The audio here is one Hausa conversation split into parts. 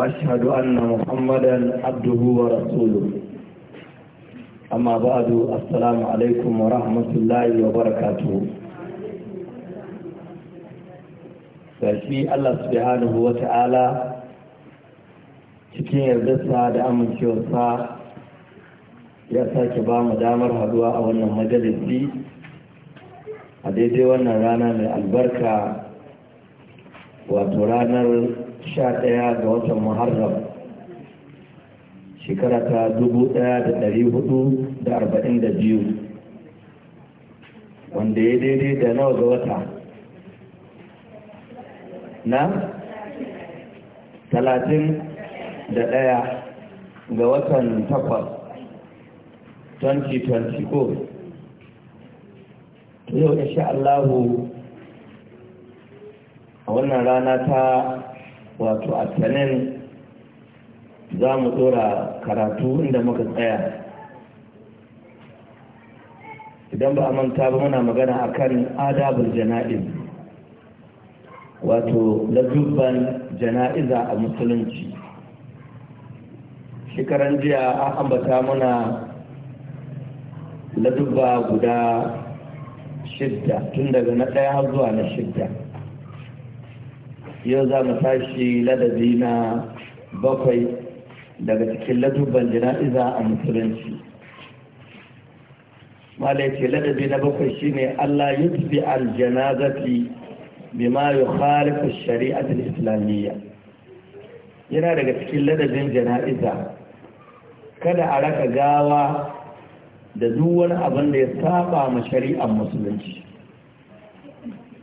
وأشهد أن محمدا عبده ورسوله أما بعد السلام عليكم ورحمة الله وبركاته فشي الله سبحانه وتعالى cikin yardarsa da amincewarsa ya sake ba mu damar haduwa a wannan majalisi a daidai wannan rana mai albarka wato ranar Sha ɗaya ga watan muharram shekara ta 1442 wanda ya daidai da nawa ga wata na 31 ga watan takwas 2024 yau insha Allahu a wannan rana ta wato a sanin za mu tsora karatu inda muka tsaya idan ba a manta ba muna magana a kan adabul jana'iz wato lajubban jana'iza a musulunci shekaran jiya a ambata muna ladubba guda shidda tun daga na ɗaya zuwa na shidda yau za mu tashi ladabi na bakwai daga cikin ladubban jana'iza a musulunci mala ce ladabi na bakwai shine Allah yutbi aljanazati bima yukhalifu shari'a da islamiyya yana daga cikin ladabin jana'iza kada a raka gawa da duk wani abin da ya saba ma shari'ar musulunci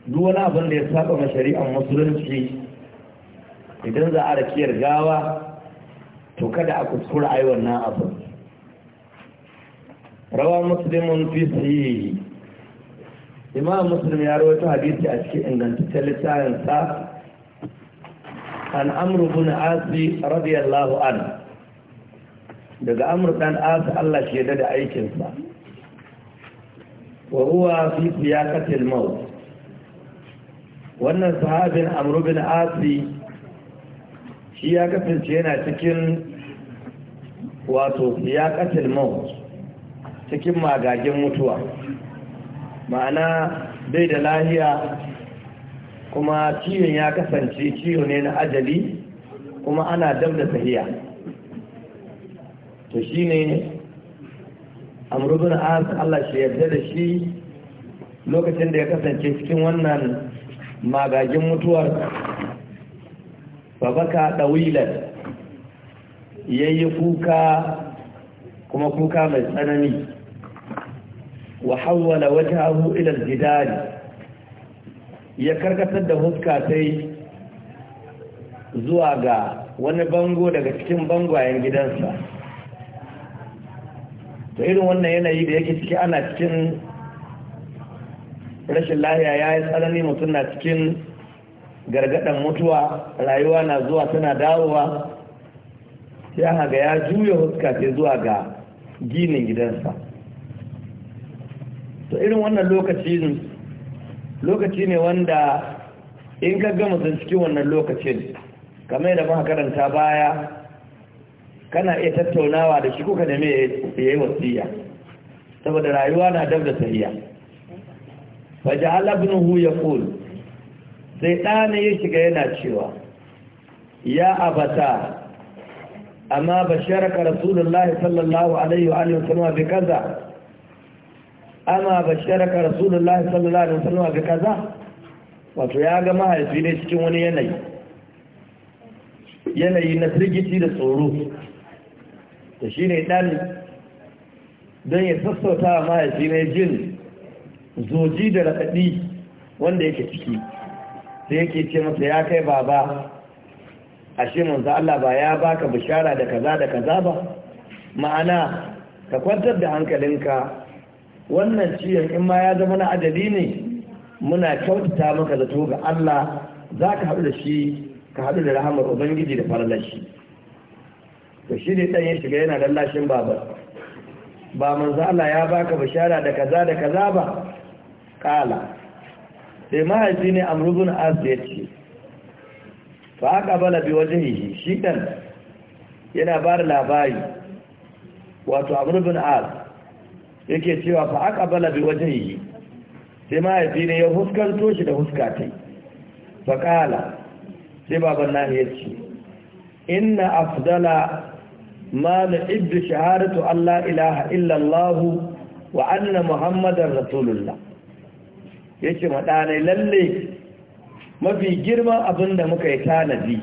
duk wani abin da ya saba ma shari'ar musulunci idan za a rakiyar gawa to kada a kuskura yi wannan abin rawa muslimun fi imam muslim ya ta hadisi a cikin ingantaccen littafin sa an amru bin asi radiyallahu An. daga amru dan asi Allah shaida da aikinsa wa huwa fi siyaqatil mawt wannan sahabin amru bin asi shi ya kasance yana cikin wato ya katil maut cikin magagin mutuwa ma'ana bai da lahiya kuma ciwon ya kasance ciwo ne na ajali kuma ana dab da sahiya to shi ne amurubin as Allah shi yadda da shi lokacin da ya kasance cikin wannan Magajin mutuwar babaka ɗawilar ya yi kuka kuma kuka mai tsanani wa hawwala wata abu ilar ya karkatar da huska sai zuwa ga wani bango daga cikin bangwayen gidansa ta irin wannan yanayi da yake ciki ana cikin rashin lahiya ya yi tsanani mutum na cikin gargadan mutuwa rayuwa na zuwa tana dawowa ya haga ga ya juya huska sai zuwa ga ginin gidansa to irin wannan lokacin lokaci ne wanda in ka gama sun cikin wannan lokacin kamar yadda muka karanta baya kana iya tattaunawa da shi kuka me ya yi wasiya saboda rayuwa na dab da sahiya faja'ala ya ƙul sai ɗana ya shiga yana cewa ya abata amma shiraka rasulullahi sallallahu alaihi wa alihi wasallam bi kaza amma shiraka rasulullahi sallallahu alaihi sallama bi kaza wato ya ga mahaifi ne cikin wani yanayi yanayi na firgici da tsoro da shi ne ɗan don ya sassauta wa mahaifi ne jin zoji da raɗaɗi wanda yake ciki sai yake ce masa ya kai baba shi manzo Allah ba ya baka bishara da kaza da kaza ba ma'ana ka kwantar da hankalinka wannan ciyar in ma ya zama na ajali ne muna kyautata maka zato ga Allah za ka haɗu da shi ka haɗu da rahamar ubangiji da farlashi to shi ne ɗan ya shiga yana lallashin babar ba manzo Allah ya baka bishara da kaza da kaza ba kala sai mahaifi ne amrubun az ya ce fa aka bala bi wajen yi shi kan yana ba da labari wato amrubun az yake cewa fa aka bala bi wajen yi sai mahaifi ne ya huskanto shi da huskatai fa kala sai baban na ya ce inna afdala ma na ibdu shaharatu Allah ilaha illallah wa anna Muhammadan rasulullah yake maɗanai lalle mafi girman abin da muka yi tanadi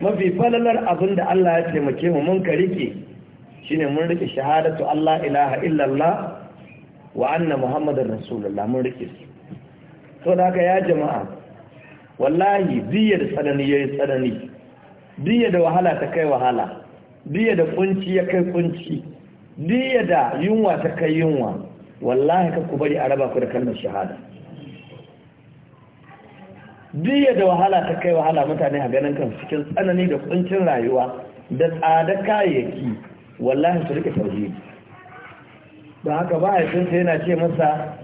mafi falalar abin da Allah ya taimake mu mun ka rike shine mun rike shahadatu Allah ilaha illallah wa anna muhammadar rasulullah mun rike su to da haka ya jama'a wallahi biya da tsanani yayi tsanani biya da wahala ta kai wahala biya da kunci ya kai kunci biya da yunwa ta kai yunwa wallahi ka ku bari a raba ku da kalmar shahada biya da wahala ta kai wahala mutane a ganin kan cikin tsanani da kuncin rayuwa da tsada kayayyaki wallahi su rike tauhidi don haka mahaifinsa yana ce masa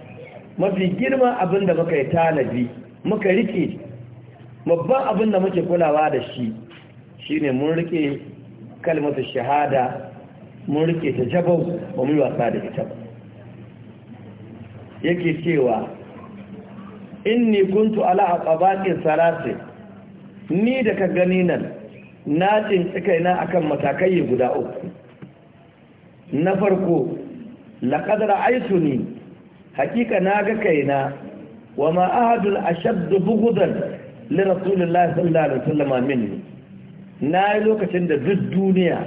mafi girman abin da muka yi tanadi muka rike babban abin da muke kulawa da shi shine mun rike kalmata shahada mun rike ta jabau ba mu yi wasa da ita ba yake cewa inni kuntu ala aqabatin sarasi ni da ka gani nan na cinci kaina akan matakai guda uku na farko aisu ne. hakika na ga kaina wa ma ahadun ashadd bughdan li rasulillahi sallallahu alaihi na yi lokacin da duk duniya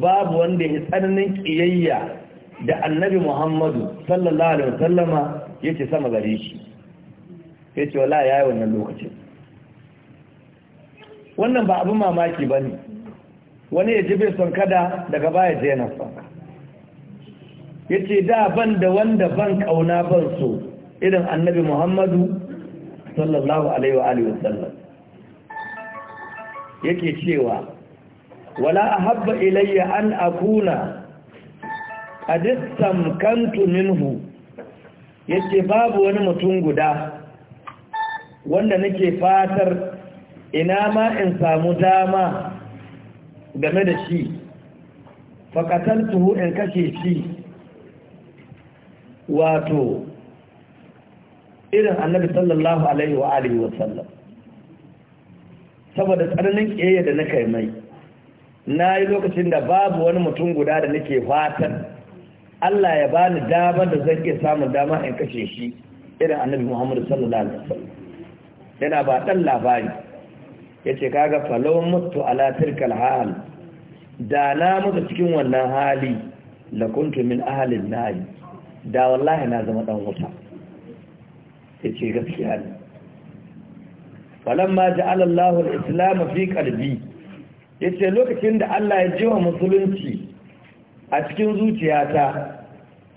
babu wanda ya tsananin kiyayya da annabi Muhammadu sallallahu alaihi wasallama yake sama gare shi ya ce wala ya yi wannan lokacin wannan ba abin mamaki ba ne wani ya ji bai son kada daga baya je yana ya ce da ban da wanda ban kauna ban so irin annabi muhammadu sallallahu alaihi wa alihi wasallam yake cewa wala ahabba ilayya an akuna qad kantu minhu Yake babu wani mutum guda wanda nake fatar ina ma in samu dama game da shi tuhu in kashe shi wato irin annabi sallallahu alaihi wa alihi wasallam saboda tsananin ƙeya da na kai mai na yi lokacin da babu wani mutum guda da nake fatan Allah ya bani damar da zan iya samun dama in kashe shi irin annabi Muhammadu sallallahu alaihi wasallam yana ba ɗan labari ya ce kaga falon mutu ala tilkal hal da na mutu cikin wannan hali la kuntu min ahalin nari da wallahi na zama ɗan wuta ya ce gaskiya ne falon ma ji alallahu al'islamu fi ƙarfi ya ce lokacin da Allah ya jiwa musulunci a cikin zuciyata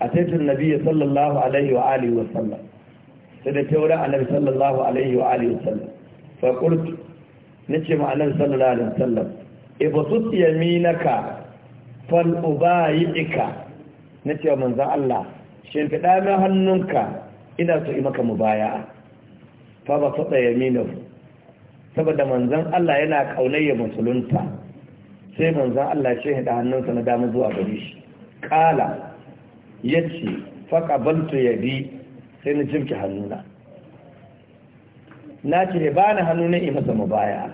a taitun nabi sallallahu alaihi wa alihi wasallam sai da taurin annabi sallallahu alaihi wa alihi wasallam fa qult nace ma annabi sallallahu alaihi wasallam ibsut yaminaka fal Na ce wa manzan Allah shin fida min hannunka ina so yi maka mubaya'a fa ba na ku. saboda manzan Allah yana kaulayya musulunta sai manzan Allah shi hada hannunsa na damu zuwa gari shi Ƙala. Ya ce kala yace ya bi. sai na jimki hannuna na ce ba na hannu ne in masa baya.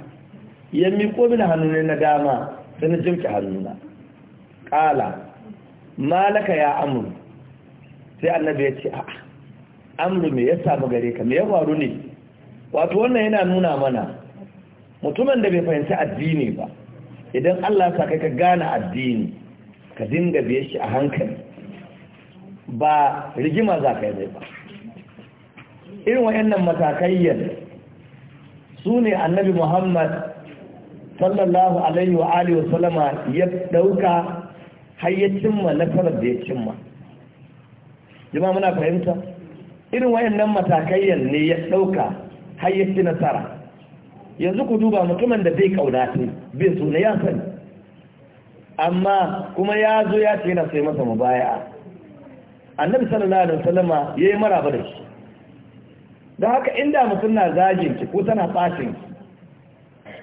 ya miko mini hannu ne na dama sai na jimki hannuna ƙala malaka ya amur sai annabi ya ce a'a amru me ya samu gare ka me ya faru ne wato wannan yana nuna mana mutumin da bai fahimci addini ba idan Allah sa kai ka gane addini ka dinga biye shi a hankali ba rigima za ka yi ba irin wayannan matakayyar su ne annabi muhammad sallallahu alaihi wa alihi wa salama ya ɗauka har ya cimma nasarar da ya cimma jama'a muna fahimta irin wayannan matakayyar ne ya ɗauka har ya ci nasara yanzu ku duba mutumin da zai kauna ce bai ne ya sani amma kuma ya zo ya ce yana sai masa mubaya annabi sallallahu alaihi wasallama yayi maraba da shi da haka inda mutum na zagin ki ko tana fatin?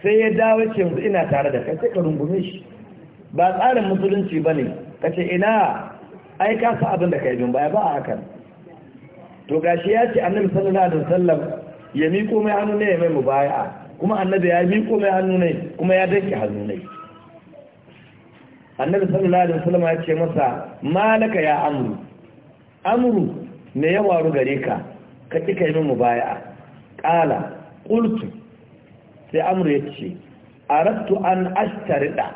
sai ya dawo ce yanzu ina tare da kai sai ka rungume shi ba tsarin musulunci bane kace ina ai ka sa abin da kai bin baya ba a hakan to gashi ya ce annabi sallallahu alaihi wasallam ya miƙo mai hannu ne ya mai mubaya kuma annabi ya miko mai hannu ne kuma ya danke hannu ne annabi sallallahu alaihi wasallam ya ce masa malaka ya amru amru me ya waru gare ka ka ci yi min mubaya'a qala qultu sai amru yace aradtu an ashtarida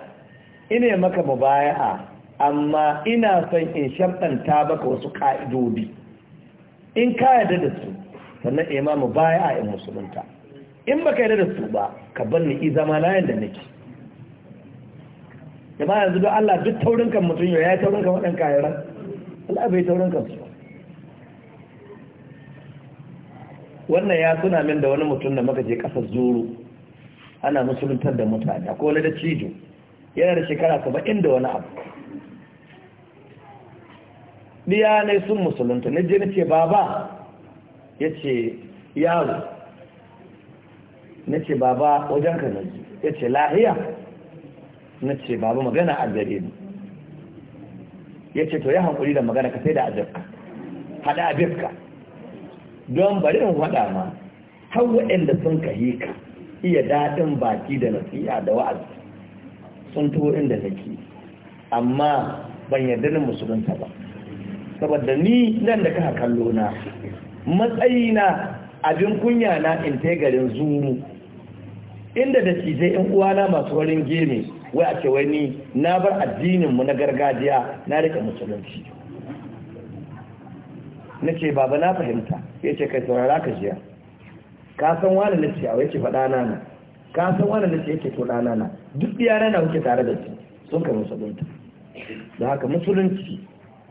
ina maka mubaya'a amma ina son in shartanta baka wasu ka'idodi in ka yarda da su sannan imamu baya in musulunta in baka yarda da su ba ka bar ni i zama na yanda nake jama'a yanzu don Allah duk taurinkan mutum ya yi taurinkan waɗanka yaran Allah bai taurinkan su wannan ya suna min da wani mutum da muka je kasar zuru ana musuluntar da mutane ko wani da cijo yana da shekara saba'in da wani abu biya ne sun musulunta na je na ce baba ya ce yaro na ce baba wajen ka na ya ce lahiya na ce baba magana a gare ni ya ce to ya hankuli da magana ka sai da ajabka hada abinka don bari in faɗa ma har waɗanda sun kahe ka iya daɗin baki da nasiha da wa'azi sun tuwo inda nake amma ban yarda na musulunta ba saboda ni nan da kaka kallo na matsayina abin kunya na in garin zuru inda da cije yan uwana masu warin gene wai a ce wani na bar addininmu na gargajiya na rika musulunci na ce baba na fahimta ya ce kai saurara ka jiya ka san wani na ce a wai ce faɗa nana ka san wani na ce yake to ɗana na duk yara na wuce tare da su sun kai musulunta da haka musulunci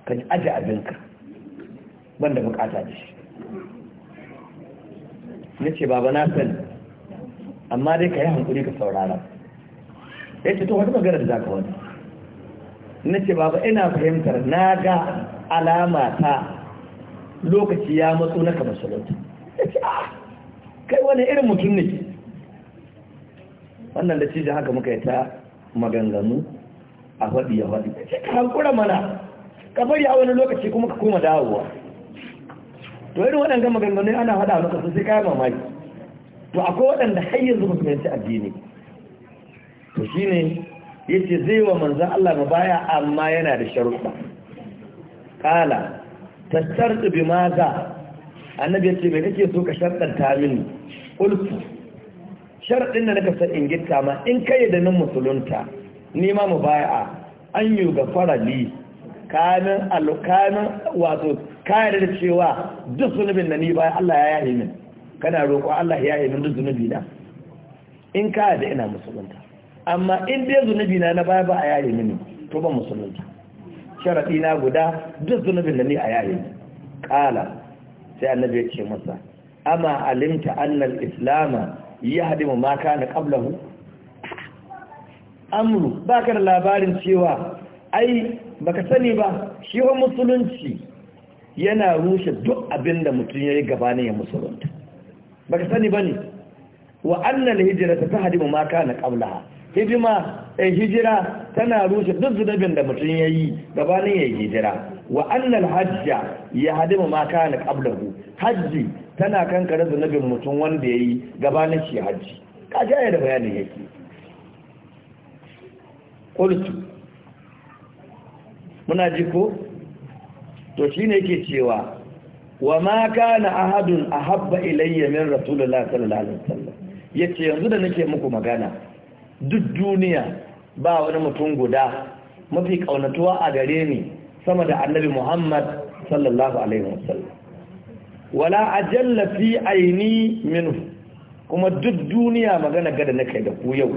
ka ji aje abinka ban da bukata da shi na ce baba na sani amma dai ka yi hankuri ka saurara ya ce to wata magana da za ka wani na ce baba ina fahimtar na ga alama ta lokaci ya matso na kamar salauta kai wani irin mutum ne wannan da cijin haka muka yi ta maganganu a faɗi ya faɗi ka hankura mana ka bari a wani lokaci kuma ka koma dawowa to irin waɗanda maganganu ana a maka sosai kayan mamaki to akwai waɗanda har yanzu su yanci addini to shi ne ya ce zai wa manzan Allah ma baya amma yana da sharuɗa Ƙala. ta sharɗi bi maza annabi ya ce mai kake so ka sharɗanta mini ulfu sharɗin da naka san in gitta ma in kai da nan musulunta ma mu baya an yi ga farali kanin alukanin wato kayar da cewa duk zunubin da ni baya Allah ya yaye min kana roƙo Allah ya yaye min duk zunubi na in kaya da ina musulunta amma in dai zunubi na na baya ba a yi mini to ba musulunta sharaɗi na guda duk zunubin da ni a yayi ƙala sai annabi ya ce masa ama alimta annal islama ya maka na kana amuru amru baka da labarin cewa ai baka sani ba shi wa musulunci yana rushe duk abin da mutum ya yayi gabanin ya musulunta Ba ka sani ba ne. wa annal hijira ta hijrata tahdimu maka na qablaha hidima ai eh, hijira tana rushe duk zunubin da mutum ya yi gabanin ya yi hijira wa annal hajja ya hadimu ma kana qablahu hajji tana kankare zunubin mutum wanda ya yi gabanin shi hajji ka ji da bayanin yake qultu muna ji ko to shine yake cewa wa ma kana ahadun ahabba ilayya min rasulullah sallallahu alaihi wasallam yace yanzu da nake muku magana duk duniya ba wani mutum guda mafi kaunatuwa a gare ni sama da annabi Muhammad sallallahu alaihi wasallam wala ajalla fi aini minhu kuma duk duniya magana gada na kai da ku yau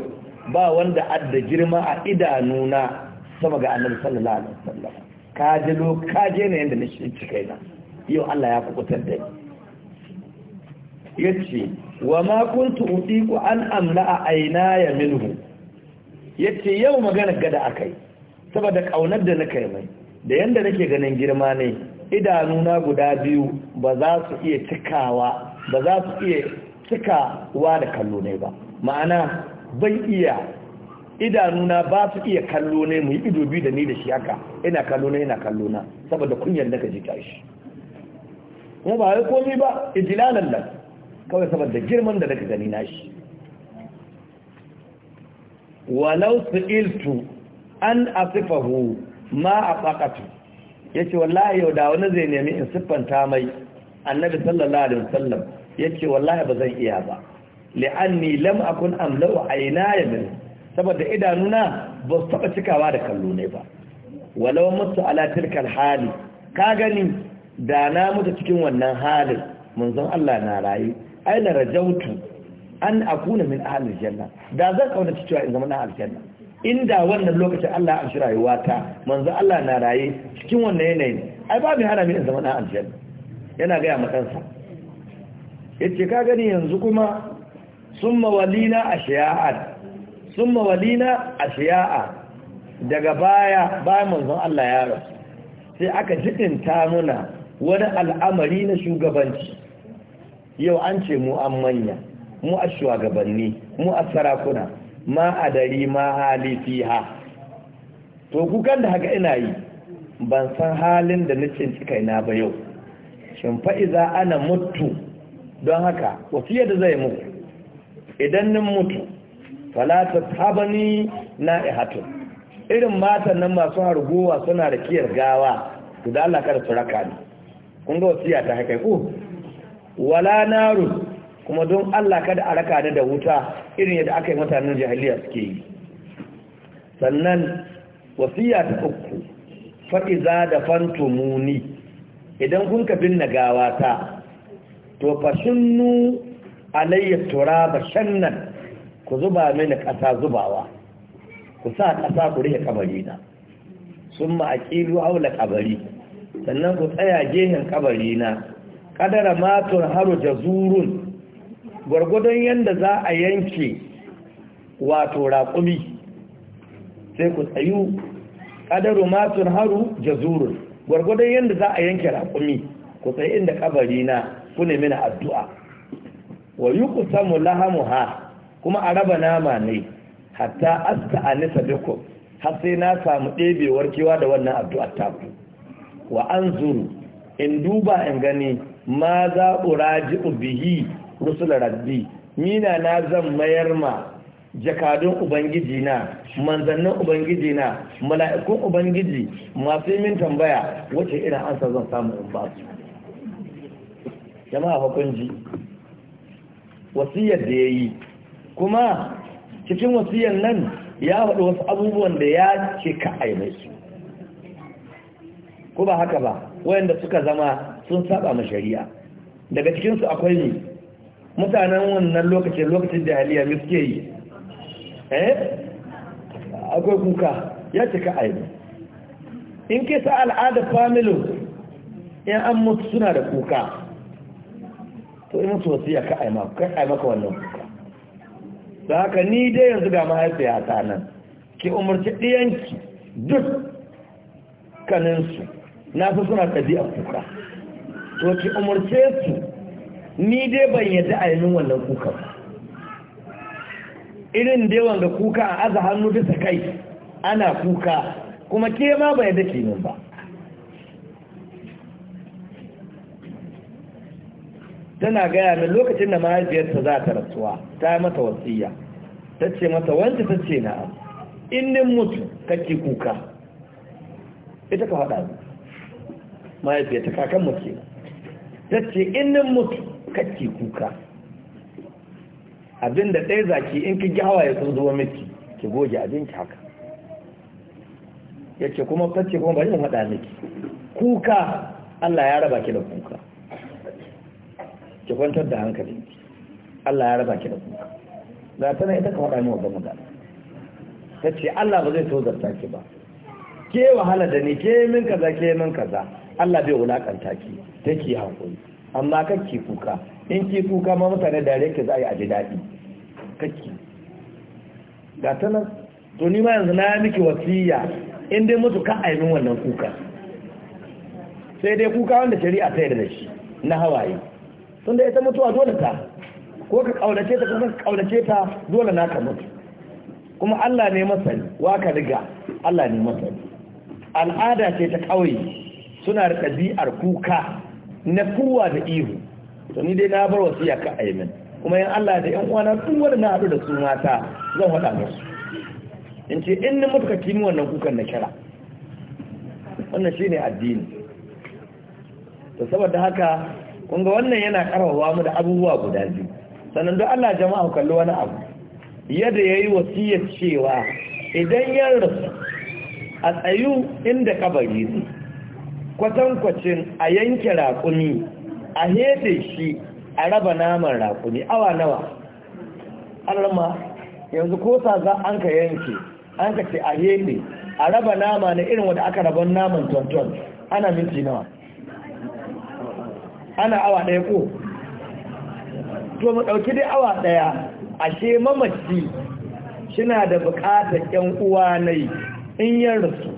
ba wanda adda girma a idanuna sama ga annabi sallallahu alaihi wasallam ka lo ka je ne inda nake cikai na yau Allah ya kubutar da ni yace wa ma kuntu utiku an amla aynaya minhu Yace yau magana gada akai kai saboda kaunar da na kai mai da yanda nake ganin girma ne idanuna guda biyu ba za su iya cikawa ba za su iya cikawa da kallo ne ba ma'ana ban iya idanuna ba su iya kallo ne mu yi ido biyu da ni da shi haka ina kallo ne ina kallo na saboda kunyar da kaji ji shi kuma ba wai komai ba ijilalan nan kawai saboda girman da naka gani nashi walau su'iltu an asifahu ma a Ya ce wallahi yau da wani zai nemi in siffanta mai annabi sallallahu alaihi wasallam ce wallahi ba zan iya ba li'anni lam akun amlau ya min saboda idanuna ba su taba cikawa da kallo ne ba walau mutu ala tilkal hali ka gani da na mutu cikin wannan halin manzon Allah na rayu ai na rajautu an akuna min ahlil janna da zan kauna cewa in zama na aljanna inda wannan lokacin Allah ya rayuwa ta manzo Allah na raye cikin wannan yanayin ai ba mai min in zama na aljanna yana ga ya matansa yace ka gani yanzu kuma summa walina ashya'at summa walina ashiya'a daga baya bayan manzon Allah ya rasu sai aka ta muna wani al'amari na shugabanci yau an ce mu an manya mu a shugabanni mu a sarakuna ma a dari ma hali fiha to kukan da haka ina yi ban san halin da nake cika ba yau shin ana mutu don haka wasiyar da zai muku idan nin mutu falata tabani na ihatu irin matan nan masu harguwa suna da kiyar gawa da Allah kada su raka ni kun ga wasiya ta haka ko uh, wala naru kuma don Allah kada a raka ni da wuta irin yadda aka yi mutanen jahiliya suke yi sannan wasiya ta uku fa'iza da muni idan kun ka binne ta to fashinnu alayya turaba shannan ku zuba na ƙasa zubawa ku sa ƙasa ku rike kabari na sun ma'aƙilu aula kabari sannan ku tsaya gehen kabari na ƙadara matur haro jazurun gwargwadon yadda za a yanke wato raƙumi sai ku tsayu ƙadaru matun haru jazurun gwargwadon yadda za a yanke raƙumi ku tsayi inda kabari na ku nemi na addu'a wa yi ku samu lahamu ha kuma a raba nama ne hatta asta a nisa biku har sai na samu ɗebewar kewa da wannan ta ku wa an zuru in duba in gani ma za uraji ubihi. rusula rabbi mina na zan mayar ma jakadun ubangiji na manzannin ubangiji na mala'ikun ubangiji masu min tambaya wace irin ansa zan samu in ba su jama'a hukunci wasiyar da ya yi kuma cikin wasiyar nan ya faɗi wasu abubuwan da ya ce ka aimai su ko ba haka ba wayanda suka zama sun saba ma shari'a daga cikinsu akwai ne mutanen wannan lokacin lokacin jahiliya haliya suke yi eh akwai kuka ya cika aini in ke sa al'ada family ya an mutu suna da kuka to in mutu wasu ya ka aimaka wannan kuka da haka ni dai yanzu ga mahaifiya ta nan ke umarci ɗiyanki duk kaninsu na fi suna ɗabi'a kuka to ke umarce su ni dai ban yadda a yanin wannan ba. irin dai wanda kuka a aza hannu bisa kai ana kuka kuma ke ma ba yadda ke ba tana gaya min lokacin da mahaifiyarta za ta rasuwa ta yi mata wasiya ta ce mata wancan ta ce na inin mutu kake kuka ita ka faɗa mahaifiyarta kakan mace ta ce inin mutu kacce kuka abinda ɗaya zaki in ki gyawa hawaye sun zuwa miki ki goge abin ki haka ce kuma kacce kuma ba in haɗa miki kuka Allah ya raba ki da kuka ki kwantar da hankali Allah ya raba ki da kuka da tana ita ka faɗa min wannan Ta ce Allah ba zai so zarta ki ba ke wahala da ni ke min kaza ke min kaza Allah bai wulakanta ki take hankali amma kakki kuka in ki kuka ma mutane yare yake za a yi aji daɗi kakki ga ta nan to ni ma yanzu na yi miki wasiya in dai mutu ka aimin wannan kuka sai dai kuka wanda shari'a ta yarda da shi na hawaye sun da ita mutuwa dole ta ko ka kaunace ta kuma ka kaunace ta dole naka mutu kuma Allah ne masani wa ka riga Allah ne masani al'ada ce ta kauye suna da ɗabi'ar kuka na kowa da ihu to ni dai na bar wasiya ka aimin kuma yan Allah da yan uwana sun wani na haɗu da su mata zan haɗa musu in ce in ni muka kimi wannan kukan na kira wannan shi ne addini to saboda haka kunga wannan yana karawa mu da abubuwa guda biyu sannan don Allah jama'a kalli wani abu yadda yayi wasiyar cewa idan yan rasu a tsayu inda kabari ne kwatankwacin a yanke raƙumi a hefe shi a raba naman raƙumi awa nawa alama yanzu ko za an ka yanke an ka ce a hefe a raba nama na irin wadda aka raban naman tonton ana minti nawa ana awa ɗaya ko to mu ɗauki dai awa ɗaya ashe mamaci shina da buƙatar 'yan uwa yi in yin rasu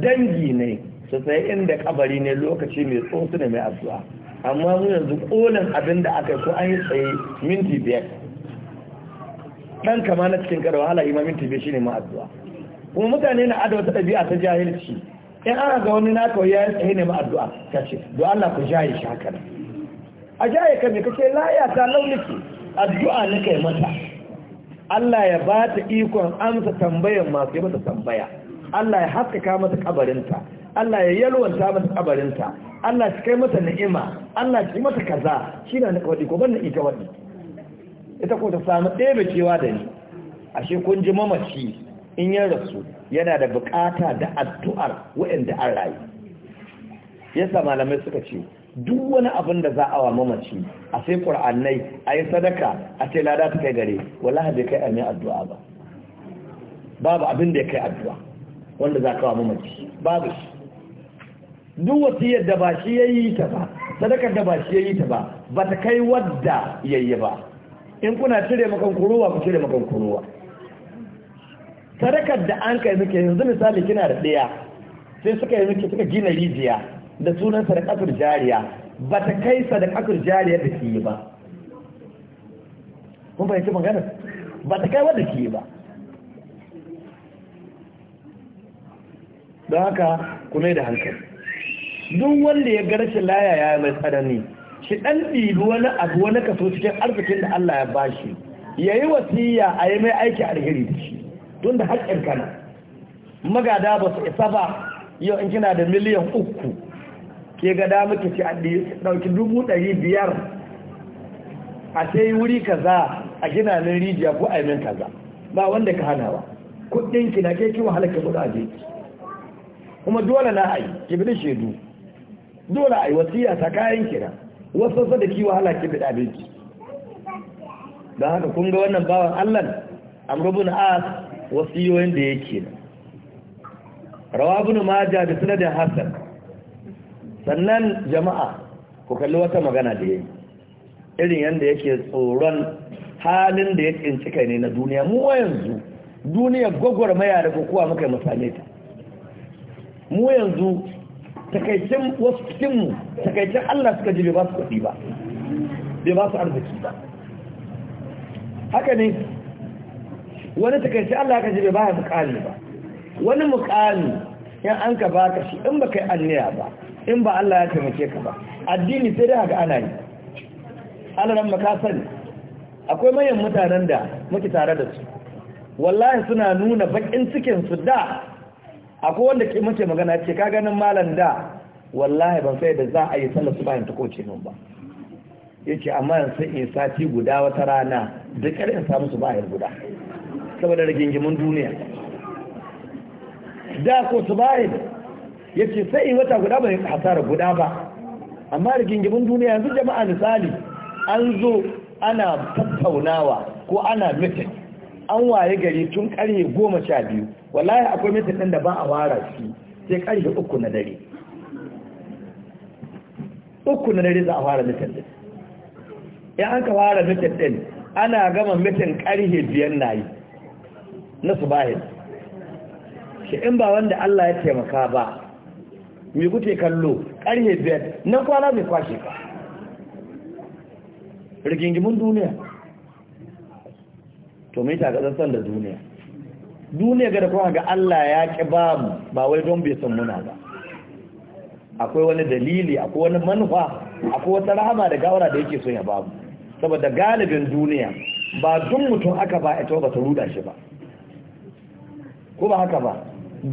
dangi ne su sai inda kabari ne lokaci mai tsotu da mai addu'a amma mu yanzu kolin abin da aka yi ko an yi tsaye minti biyar dan kama na cikin kada wahala ima minti biyar shine ma addu'a kuma mutane na adawa ta ɗabi'a ta jahilci in ana ga wani naka ya yi tsaye ne ma addu'a ta ce don Allah ku jaye shi haka nan a jaye ka mai kace laya ta launiki addu'a na kai mata Allah ya ba ta ikon amsa tambayan masu yi mata tambaya Allah ya haskaka mata kabarinta Allah ya yalwanta masa kabarinsa Allah shi kai mata ni'ima Allah shi mata kaza shi na naka ko ban na ita wadi ita ko ta samu ɗaya cewa da ni ashe kun ji mamaci in ya rasu yana da bukata da addu'ar waɗanda an rayu yasa malamai suka ce duk wani abin da za a wa mamaci a sai ƙur'annai a yi sadaka a ce lada ta kai gare wallahi bai kai amin addu'a ba babu abin da ya kai addu'a wanda za ka wa mamaci babu shi duk wasiyar da ba shi ya yi ta ba sadakar da ba shi ya yi ta ba ba ta kai wadda ya yi ba in kuna cire makon kuruwa ku cire makon kuruwa sadakar da an kai muke yanzu misali kina da ɗaya sai suka yi muke suka gina rijiya da sunan sadakatul jariya ba ta kai sadakatul jariya da ke yi ba kun fahimci magana ba ta kai wadda ke yi ba don haka kuma da hankali duk wanda ya ga shi laya ya yi mai tsanani shi ɗan ɗibi wani abu wani kaso cikin arzikin da Allah ya bashi ya yi wasiya a yi mai aiki alheri da shi don da haƙƙin kana magada ba su isa ba yau in kina da miliyan uku ke gada da muke ci a ɗauki dubu ɗari biyar a sai wuri kaza a gina nan rijiya ko a yi min kaza ba wanda ka hana ba kuɗin na ke kiwon halakka kuɗa a kuma dole na a yi ki bi da shaidu dole a yi wasiya ta kayan kira wasu sa da wahala ke bida abinci don haka kun ga wannan bawan Allah amrubun as wasiyoyin da yake na rawa ibn majah da sanadin Hassan. sannan jama'a ku kalli wata magana da yi irin yadda yake tsoron halin da ya tsinci kai ne na duniya mu yanzu duniya gwagwarmaya da kukuwa muka yi mu mu yanzu takaicin wasu cikinmu takaicin Allah suka ji bai ba su kudi ba bai ba su arziki ba haka ne wani takaicin Allah ka ji bai ba ya mukami ba wani mukami yan an ka baka shi in ba kai anniya ba in ba Allah ya taimake ka ba addini sai dai haka ana yi Allah ran maka sani akwai manyan mutanen da muke tare da su wallahi suna nuna bakin cikin su da akwai wanda ke muke magana ce ka ganin malam da wallahi ban sai da za a yi sallar su bayan ta koce min ba yace amma yanzu in sati guda wata rana da kar in samu subah bayan guda saboda rigingimin duniya da ko su yace sai in wata guda bai hasara guda ba amma rigingimin duniya yanzu jama'a misali an zo ana tattaunawa ko ana mitin an waye gari tun karye goma sha biyu wallahi akwai mitin ɗin da ba a wara shi sai karfe uku na dare uku na dare za a wara mitin ɗin ya an ka wara mitin ɗin ana gama mitin ƙarshe biyan na yi na su bayan shi in ba wanda Allah ya taimaka ba mai kuce kallo ƙarhe biyar na kwana mai kwashe ka rigingimin duniya to mai ta gasar da duniya duniya ga da kuma ga Allah ya ƙi ba mu ba wai don bai san muna ba akwai wani dalili akwai wani manufa akwai wata rahama da gawara da yake so ya mu saboda galibin duniya ba duk mutum aka ba ita ba ta ruda shi ba ko ba haka ba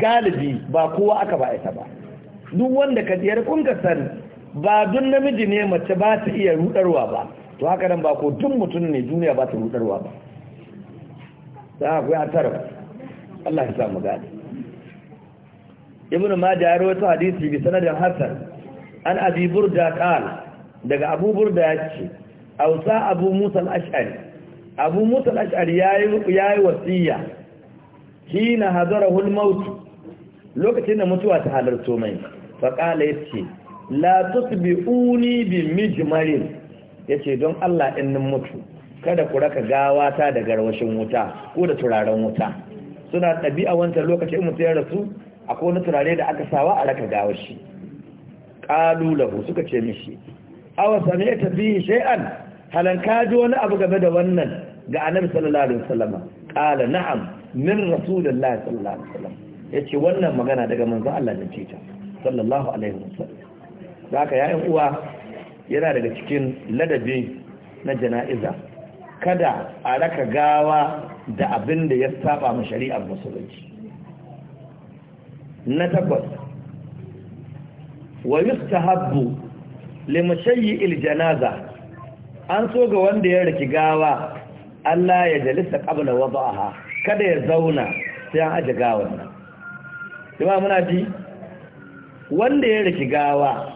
galibi ba kowa aka ba ita ba duk wanda ka tsayar kun ka san ba duk namiji ne mace ba ta iya rudarwa ba to haka nan ba ko duk mutum ne duniya ba ta rudarwa ba za akwai a tara Allah ya samu gani ibnu majah ya rawaito hadisi bi sanadin hasan an abi burda qala daga abu burda ya ce ausa abu musa al-ash'ari abu musa al-ash'ari yayi yayi wasiya hina hadarahu al-maut lokacin da mutuwa ta halarto mai fa qala yace la tusbi'uni bi mijmarin yace don Allah in mutu kada ku raka gawata da garwashin wuta ko da turaren wuta suna ɗabi'a wancan lokacin mutum ya rasu akwai wani turare da aka sawa a raka gawa shi Ƙalulahu suka ce mishi awa sami ya tafi shay'an halan ka ji wani abu game da wannan ga annabi sallallahu alaihi wasallam Ƙala na'am min la'a sallallahu alaihi wasallam yace wannan magana daga manzon Allah ne ce ta sallallahu alaihi wasallam zaka ya ƴan uwa yana daga cikin ladabi na jana'iza kada a raka gawa da abin da ya saba ma shari'ar musulunci na takwas wa yustahabbu limashayyi janaza an so ga wanda ya riki gawa Allah ya jalisa qabla wada'aha kada ya zauna sai an aje gawa nan kuma muna ji wanda ya riki gawa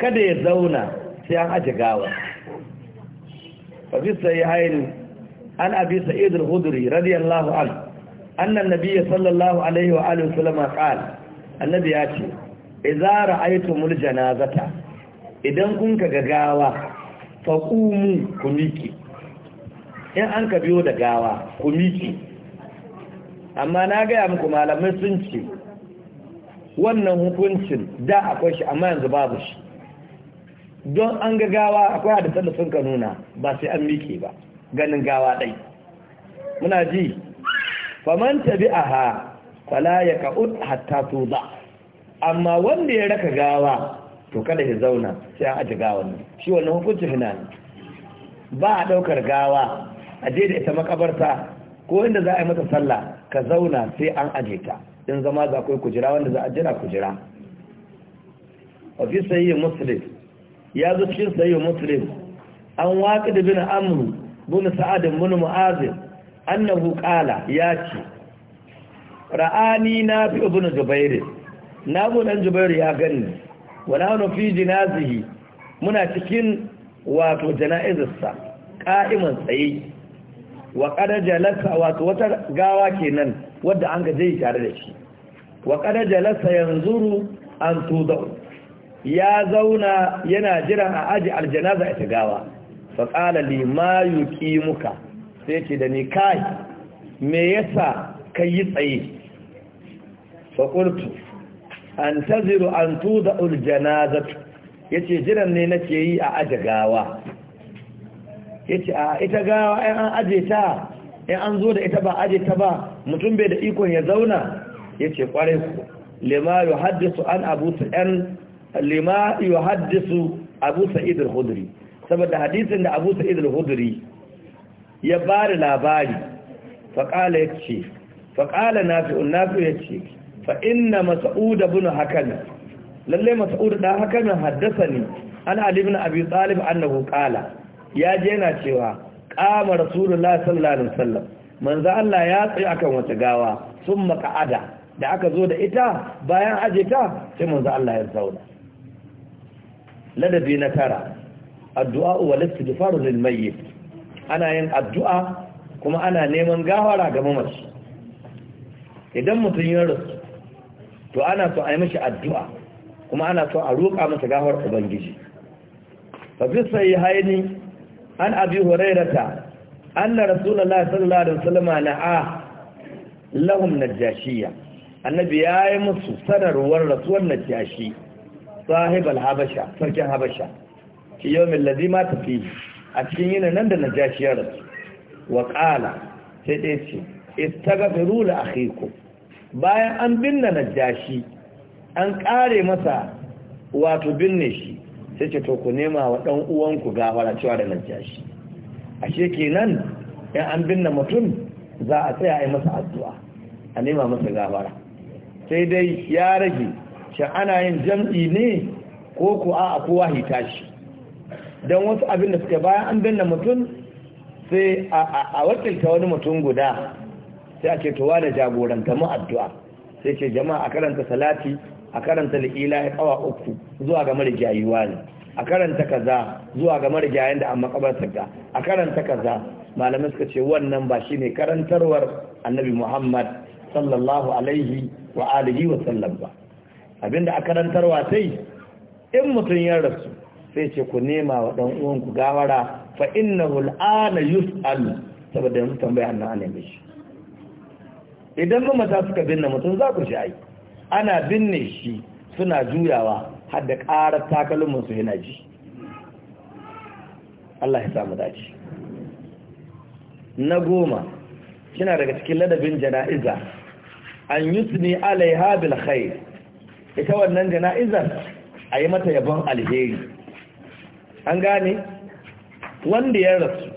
kada ya zauna sai an aje gawa fa fi an abi sa'id al-khudri radiyallahu anhu annan an-nabiy sallallahu alaihi wa alihi wasallam qala annabi ya ce idza ra'aytumul janazata idan kun ka gawa fa qumu ku miki in an ka biyo da gawa ku miki amma na ga muku malamai sun ce wannan hukuncin da akwai shi amma yanzu babu shi don an gagawa akwai hadisan da sun ka nuna ba sai an miki ba ganin gawa ɗai muna ji faman ha fala ya ka'ud hatta ba amma wanda ya raka gawa to kada ya zauna sai an aje gawa ne shi wannan hukuncin hina ne ba a ɗaukar gawa a je da ita makabarta ko inda za a yi mata sallah ka zauna sai an aje ta in zama za ku yi kujira wanda za a jira kujira wa ya zo cikin sayyi muslim an waƙi da bin amru bin sa'adin bin mu'azin annahu qala ya ce ra'ani na fi ibn jubair na bu dan jubair ya ganni wala nu fi jinazihi muna cikin wato jana'izarsa qa'iman tsaye wa qad jalasa wato wata gawa kenan wanda an ga zai tare da shi wa qad jalasa yanzuru an tudau ya zauna yana jiran a aji aljanaza ita gawa faƙala li ma yuki muka sai ce da ni kai me yasa ka yi tsaye faƙultu an taziru an tuda uljanazatu ya ce jiran ne nake yi a aje gawa ya ce a ita gawa ‘yan an aje ta ‘yan an zo da ita ba aje ta ba mutum bai da ikon ya zauna ya ce ƙwarai ku lima yi haddisu an abu sa'an lima yi abu sa'idar hudri saboda hadisin da abu sa'id al huduri ya bari labari faƙala ya ce faƙala nafi'un nafi ya ce fa'inna masa'uda bin hakan lallai masa'uda ɗan hakan haddasa ne an alibin abu talib annahu ƙala ya je yana cewa ƙama rasulullah sallallahu alaihi wasallam manzo Allah ya tsaye akan wata gawa sun maka'ada da aka zo da ita bayan aje ta sai manzo Allah ya zauna ladabi na tara addu'a wal istighfaru lil mayyit ana yin addu'a kuma ana neman gawara ga mamaci idan mutum ya rasu to ana so a yi mishi addu'a kuma ana so a roƙa masa gawar ubangiji fa fi sahihaini an abi hurairata anna rasulullahi sallallahu alaihi wasallam a lahum najashiya annabi ya yi musu sanarwar rasuwar najashi sahibal habasha sarkin habasha fi yawmin ma ta fi a cikin yana nan da najashiyar ya wa ƙala sai dai ce firu da akhikum bayan an binne najashi an ƙare masa wato binne shi sai ce to ku nema wa ɗan uwanku gafara cewa da najashi sheke nan, in an binne mutum za a tsaya a yi masa addu'a a nema masa gafara sai dai ya rage shi ana yin jam'i ne ko ku a kowa hita shi don wasu abin da suke bayan an binne mutum sai a wakilta wani mutum guda sai a ce towa da jagoranta mu addu'a sai ce jama'a a karanta salati a karanta li'ila ya kawa uku zuwa ga marigayuwa ne a karanta kaza zuwa ga marigayen da an makabarta ga a karanta kaza malamai suka ce wannan ba shine karantarwar annabi muhammad sallallahu alaihi wa alihi wa sallam ba abinda a karantarwa sai in mutum ya rasu sai ce ku nema wa ɗan'uwanku uwan ku gawara fa hul'ana yus' alu saboda yanzu tambaya annan neme shi. idan mata suka binne mutum za ku shayi ai ana binne shi suna juyawa har da ƙarar takalmin su yana ji Allah ya samu dace na goma kina daga cikin ladabin jana'iza an yusni alaiha bil khair ita wannan jana'izar a yi mata yabon alheri an gane wanda ya rasu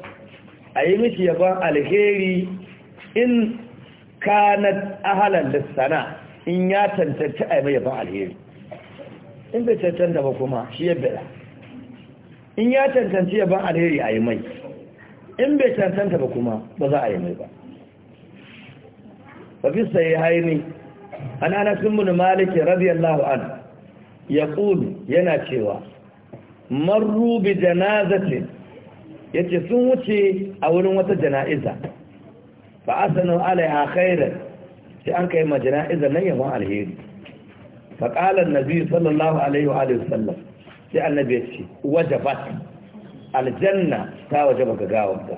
a yi mishi yaban alheri in kanat da sana in ya tantance a yi mai yaban alheri in bai tantance ba kuma shi ya bela in ya cancanci yaban alheri a yi mai in bai tantance ba kuma ba za a yi mai ba fi sai haini an ana sun muni maliki radiyallahu an ya kulu yana cewa marru bi janazatin yace sun wuce a wurin wata jana'iza fa asanu alaiha khairan sai an kai ma jana'iza nan yawan alheri fa qala annabi sallallahu alaihi wa alihi wasallam sai annabi yace ce wajabat aljanna ta wajaba ga gawarka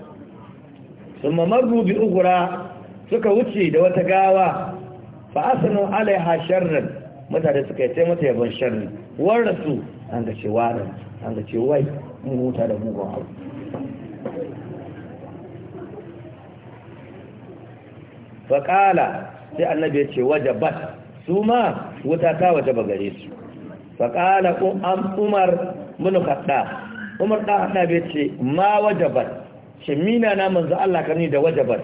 thumma marru bi ughra suka wuce da wata gawa fa asanu alaiha sharran mutane suka yi taimata yaban sharri warasu an ga ce waran an ga ce wai mun huta da mugun abu faƙala sai annabi ya ce wajabat su ma wuta ta wajaba gare su faƙala umar mun kaɗa. umar da hada bai ce ma wajabat ce mina na manzo Allah kani da wajabat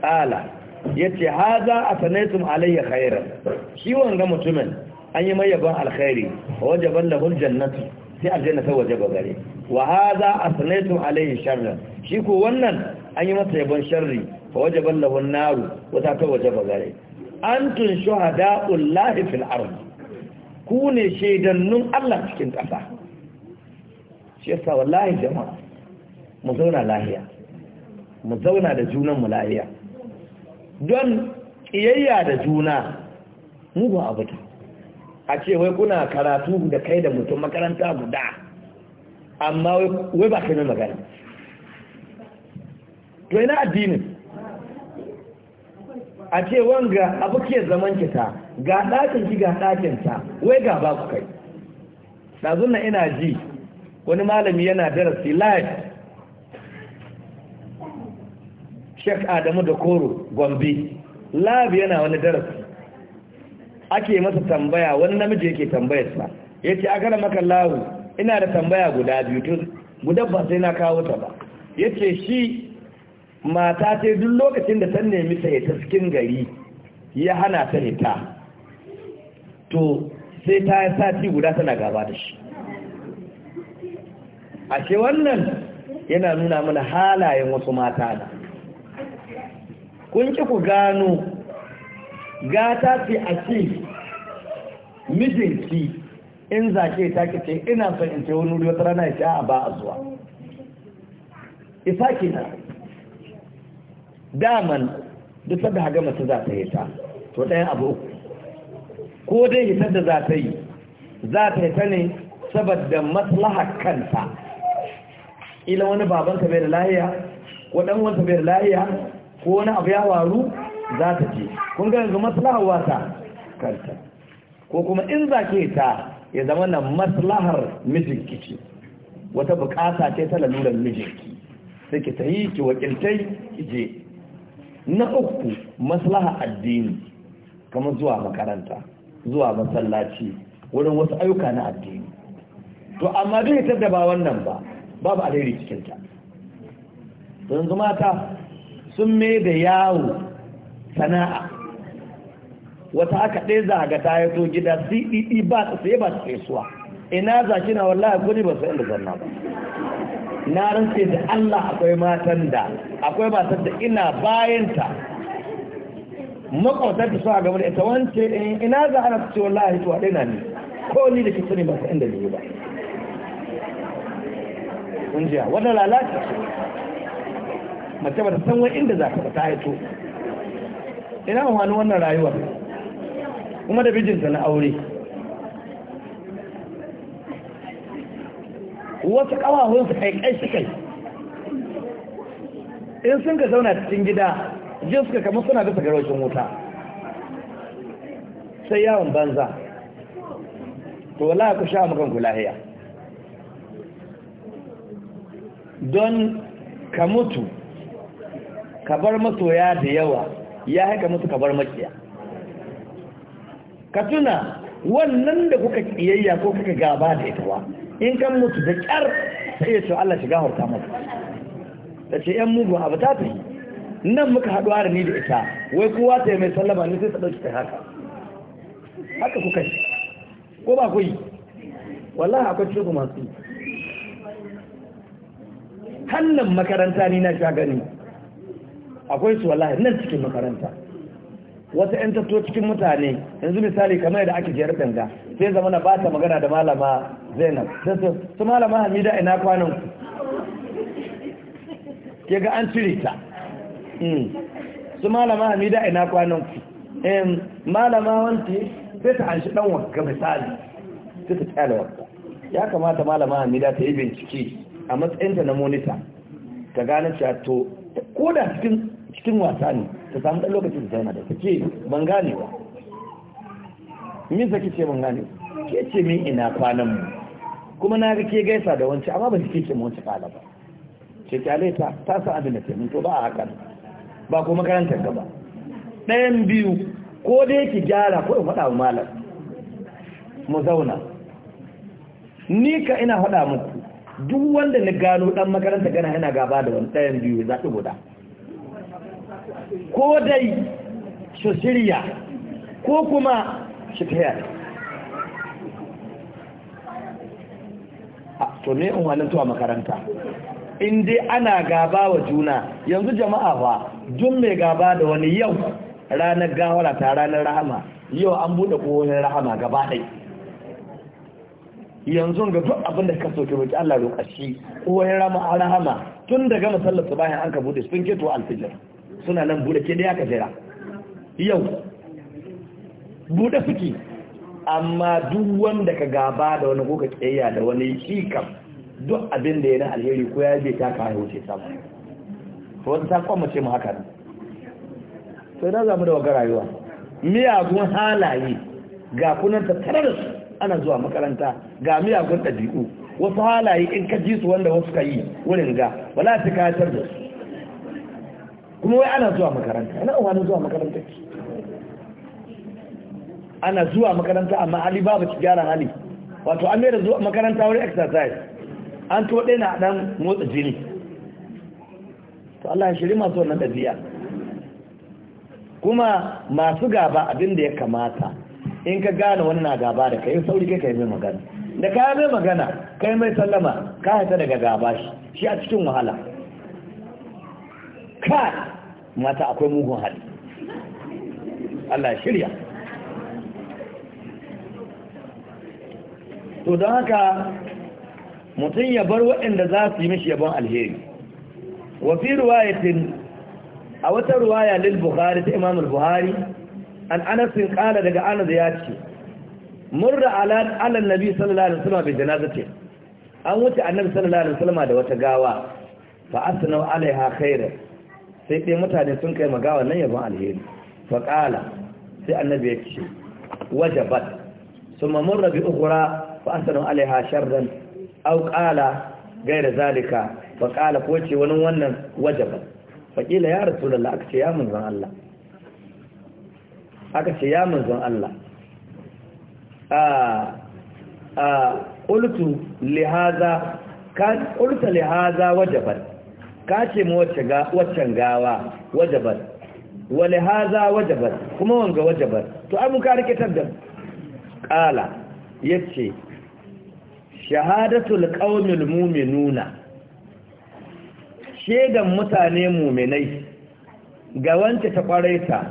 qala yace haza asanaitum alayya khairan shi wanga mutumin an yi mai yaban alkhairi wajaban lahul jannatu sai aljanna ta wajaba gare wa hadha asnaytum alayhi sharra shi ko wannan an yi masa yaban sharri fa wajaban lahul naru wata ta wajaba gare antun shuhada'ul lahi fil ard ku ne shaidannun Allah cikin kasa shi yasa wallahi jama'a mu zauna lahiya mu zauna da junan mu lahiya don kiyayya da juna mugun abu ta a ce wai kuna karatu da kai da mutum makaranta guda amma wai ba kai magana to ina addinin a ce wanga abu ke zaman kita ga ɗakin ki ga ɗakin ta wai ga ba ku kai ɗazun na ina ji wani malami yana darasi live shek adamu da koro gombe live yana wani darasi ake masa tambaya wani namiji yake tambayarsa yace ce aka maka lahu ina da tambaya guda biyu tun guda ba sai na kawo ta ba Yace shi mata ce duk lokacin da ta nemi ta cikin gari ya hana ta hita to sai ta yi sati guda tana gaba da shi ashe wannan yana nuna mana halayen wasu mata kun ki ku gano gata ce a ce mijinki in zake ta kice, ina son in ce wani wuri wata rana ya sha a ba a zuwa isa na daman duk sadda haga masu za ta yi ta to ɗaya abu uku ko dai hitar da za ta yi za ta yi ta ne saboda maslaha kanta ila wani babanka bai da lahiya ko ɗan wanta bai da lahiya ko wani abu ya waru za ta ce kun ga yanzu maslahar wasa karta ko kuma in za ke ta ya zama na maslahar mijinki ce wata bukata ce ta lalurar mijinki sai ki tayi ki wakiltai ki je na uku maslaha addini kamar zuwa makaranta zuwa masallaci wurin wasu ayyuka na addini to amma duk ita da ba wannan ba babu alheri cikinta yanzu mata sun mai da yawo sana'a wata aka ɗaya ga ta ya to gida cdd e e ba ta sai ba ta sai suwa ina za na wallahi kuni ba su inda zanna ba na rantse da Allah akwai matan da akwai matan da ina bayanta makwautar da suwa gaba da ita wance eh, ina za ana ce wallahi to haɗe na ni ko ni da ke sani ba su inda ne ba kun jiya wannan lalata ce, mace ba ta san wani inda za ka ba ta haito ina wani wannan rayuwar kuma da bijinta na aure wasu ƙawahunsu kai kai kai in sun ka zauna cikin gida jin suka kama suna bisa garwacin wuta sai yawon banza to wala ku sha makan ku don ka mutu ka bar masoya da yawa ya haka musu ka bar makiya ka tuna wannan da kuka kiyayya ko kuka gaba da ita wa in kan mutu da kyar sai ya ce Allah shiga horta masa ta ce yan mugun abu ta tafi nan muka haɗu a ni da ita wai kowa ta mai sallama ne sai ta ɗauki ta haka haka kuka yi ko ba ku yi wallahi akwai cikin masu yi hannan makaranta ni na sha gani akwai su wallahi nan cikin makaranta wasu 'yan tatto cikin mutane yanzu misali kamar yadda ake jiyar danga sai zama na ba ta magana da malama zainab su malama hamida ina kwanan ku ke ga an cire ta su hmm. malama hamida ina kwanan ku malama wanti sai ta an shi dan wakka misali sai ta kyale wakka ya kamata malama hamida ta yi bincike a matsayinta na monita ta gane cewa to ko da cikin cikin wasa ne ta samu ɗan lokacin da yana da ta ce ban gane ba min sa kice ban gane ke ce min ina kwanan mu kuma na ga ke gaisa da wancan amma ban kike mu wancan kala ba ce kyale ta ta san abin da ke min to ba a hakan ba ko makarantar gaba ɗayan biyu ko dai ki gyara ko in faɗa wa malam mu zauna ni ka ina faɗa muku duk wanda na gano ɗan makaranta gana yana gaba da wani ɗayan biyu zaɓi guda ko dai su shirya ko kuma su taya A ne in tuwa makaranta in dai ana gaba wa juna yanzu jama'a ba jun mai gaba da wani yau ranar gawara ta ranar rahama yau an buɗe kowane rahama gaba ɗai yanzu ga duk abin da ka soke roƙi Allah roƙa shi kowane rahama tun daga masallar su bayan an ka buɗe sun keto alfijar suna nan buɗe ke da ya jira yau buɗe suke amma duk wanda ka gaba da wani ko ka da wani kikam duk abin da yana alheri ko ya bai ta haihu wuce sama to wata ta ce mu haka Sai na za da waga rayuwa miyagun halaye ga kunan tattare da ana zuwa makaranta ga miyagun ɗabi'u wasu halaye in ka ji su wanda wasu ka yi wurin ga wala ta kayatar da su kuma wai ana zuwa makaranta ina uwa na zuwa makaranta ki ana zuwa makaranta amma hali babu ci gyara hali wato an mai da zuwa makaranta wani exercise an to ɗaya na ɗan motsa jini to Allah ya shiri masu wannan ɗabi'a kuma masu gaba abin da ya kamata in ka gane wannan na gaba da kai sauri kai kai mai magana da kai mai magana kai mai sallama ka haita daga gaba shi shi a cikin wahala kai mata akwai mugun hali Allah shirya to don haka mutum ya bar waɗanda za su yi mishi yabon alheri wafi ruwayatin a wata ruwaya lil buhari ta imamul buhari an anasin kala daga anas ya ce murra ala ala nabi sallallahu alaihi wasallam bi janazati an wuce annabi sallallahu alaihi wasallam da wata gawa fa asnau alaiha khairan sai dai mutane sun kai magawa nan yabon alheri faƙala sai annabi ya ce wajabat sun mamun rabi ukura fa asanin alaiha sharran au ƙala gaira zalika faƙala ko ce wani wannan wajabat faƙila ya rasu lalla aka ce ya munzan Allah aka ce ya munzan Allah a ƙultu lihaza kan ƙulta lihaza wajabat kace mu wacce ga waccan gawa wajabat wali haza wajabat kuma wanga wajabat to ai mun ka rike tabda qala yace shahadatul qaumil mu'minuna shegan mutane mu'minai ga wance ta kwaraita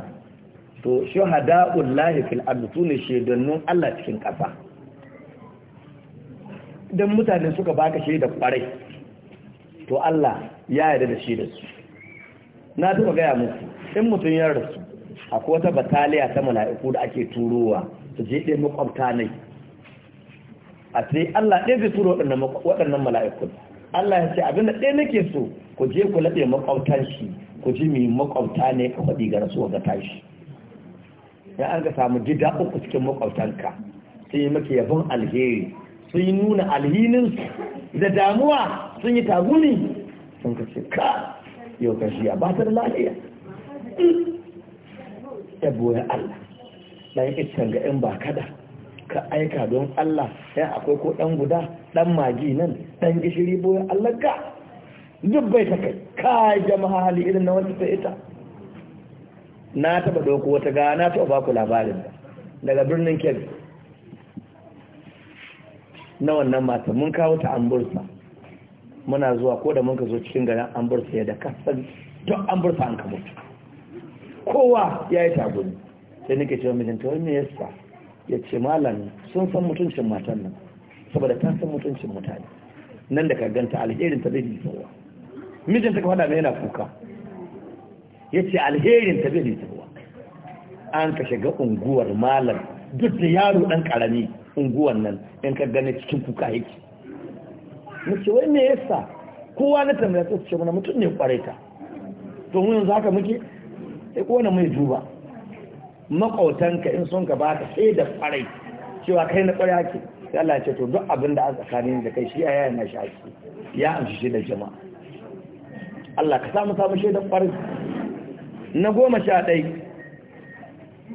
to shuhada'ul lahi fil ardi shedannun Allah cikin kafa dan mutane suka baka shedar kwarai to Allah ya yarda da shi da su na taba gaya musu, in mutum ya rasu a wata bataliya ta mala'iku da ake turowa su je ɗaya makwabta ne a sai Allah ɗaya zai turo waɗannan mala'ikun Allah ya ce abinda ɗaya nake so ku je ku laɗe makwabtan shi ku ji mai makwabta ne ka faɗi ga rasuwa ga tashi ya an ga samu gida uku cikin makwabtanka sai yi maka yabon alheri sun yi nuna alhinin da damuwa sun yi taguni sun ka ka yau ka shi a batar lafiya ya boye Allah da ya iccen ga 'yan ba kada ka aika don Allah ya akwai ko ɗan guda ɗan magi nan ɗan gishiri boye Allah ka duk bai ta kai ka jama'a hali irin na wata ta ita na taɓa ɗauko wata gana ta ba ku labarin daga birnin kebbi na wannan mata mun kawo ta ambursa muna zuwa ko da mun ka zo cikin garin ambursa ya da kasan duk ambursa an kamar kowa ya yi taguni sai nake cewa mijinta wani yasa ya ce malam sun san mutuncin matan nan saboda ta san mutuncin mutane nan da ka ganta alherin ta zai zuwa mijinta ka faɗa mai yana kuka ya ce alherin ta zai zuwa an kashe ga unguwar malam duk da yaro ɗan ƙarami unguwan nan in ka gane cikin kuka yake nace wai me yasa kowa na tambaya ta ce mana mutum ne kwarai ta to mu yanzu haka muke sai kowane mai duba ka in sun ka baka sai da kwarai cewa kai na kwarai ake sai Allah ya ce to duk abin da a tsakanin da kai shi yaya yana shi ya amshi shi da jama'a Allah ka samu samu shaidan kwarai na goma sha ɗaya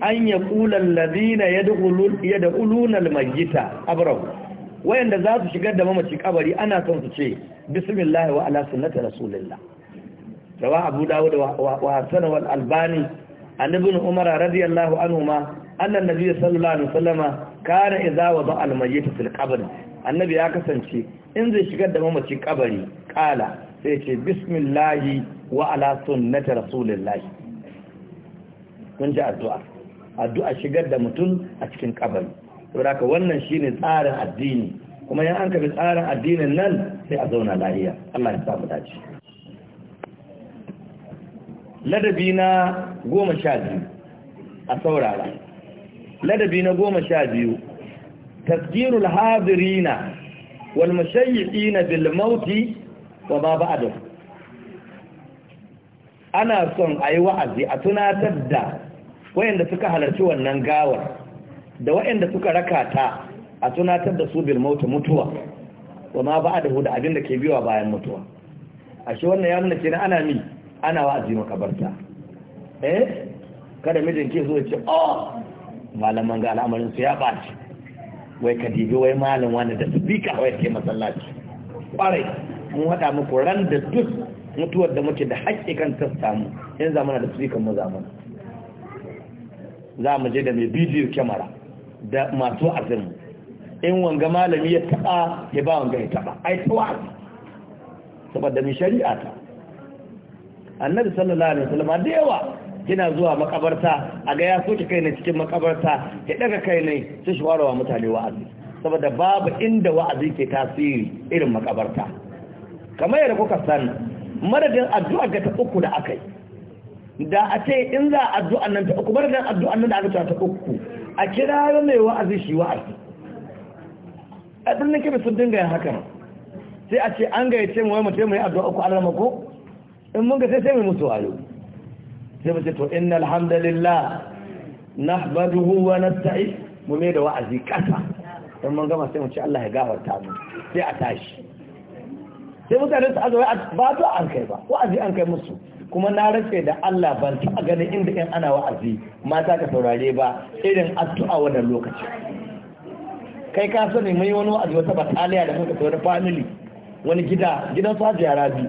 an ya kulan na ya da ulunar magita abrau wayanda za su shigar da mamaci kabari ana son su ce bismillah wa ala sunnati rasulillah rawa abu dawud wa hasan wal albani an ibn umar radiyallahu anhuma anna nabiy sallallahu alaihi wasallama kana idza wada al mayyit fil qabr annabi ya kasance in zai shigar da mamaci kabari kala sai ce bismillah wa ala sunnati rasulillah kun ji addu'a addu'a shigar da mutum a cikin kabari saboda wannan shine tsarin addini kuma yan an kafi tsarin addinin nan sai a zauna lahiya Allah ya sa mu dace ladabi na goma sha biyu a saurara ladabi na goma sha biyu tafkirul hadirina wal mashayyiqina bil mauti wa ma ba'dahu ana son ayi wa'azi a tunatar da wayanda suka halarci wannan gawar da wayanda suka raka ta a tunatar da su bil mautu mutuwa wa ma hu da abin ke biwa bayan mutuwa ashe wannan ya nuna kenan ana mi ana wa'azi makabarta eh kada mijin ke zo ya ce oh malaman ga al'amarin su ya baci wai ka dibi wai malam wani da speaker wai ke masallaci kwarai mun hada muku ran da duk mutuwar da muke da haƙƙi kan ta samu in zamana da speaker mu zamana za mu je da mai bidiyo kyamara da masu azinmu in wanga malami ya taɓa ya ba wanga ya taɓa ai tawa saboda mi shari'a ta annabi sallallahu alaihi wasallam da yawa kina zuwa makabarta a ga ya soke kai ne cikin makabarta ya daga kai ne sai shi mutane wa'azi saboda babu inda wa'azi ke tasiri irin makabarta kamar yadda kuka san madadin addu'a ga ta uku da aka yi. da a ce in za a addu'an nan ta uku bar da addu'an nan da aka ta uku a kira mai wa'azi shi wa'azi a ɗin nake sun dinga yin haka sai a ce an gayyace mu wai mutum mai addu'a uku an mako in mun ga sai sai mai musu wayo sai mace to inna alhamdulillah na nahmaduhu wa ta'i mu mai da wa'azi kasa in mun gama sai mu ce Allah ya gafarta mu sai a tashi sai mutane su azawai ba to an kai ba wa'azi an kai musu kuma na rufe da Allah ban taɓa ganin inda ɗan ana wa'azi mata ka saurare ba irin addu'a wannan lokaci kai ka sani mai wani wa'azi wata bataliya da muka wani family wani gida gidan su hajji rabi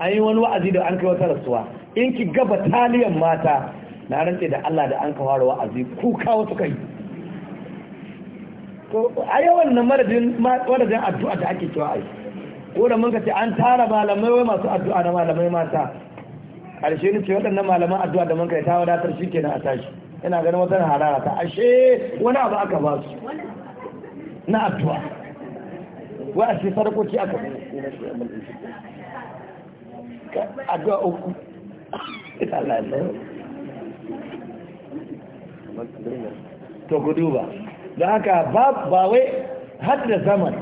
an yi wani wa'azi da an kai wata rasuwa in ki ga bataliyan mata na rantse da Allah da an kawar wa'azi kuka wasu kai to a yawan nan madadin addu'a da ake cewa ai ko da mun ka ce an tara malamai wai masu addu'a da malamai mata ƙarshe ni ce waɗannan malaman addu'a da manka ta wadatar shi kenan a tashi ina ganin wata harara ta ashe wani abu aka ba su na addu'a wa a ce sadakoki aka ba addu'a uku ita lalai to ku duba don haka ba wai har da zaman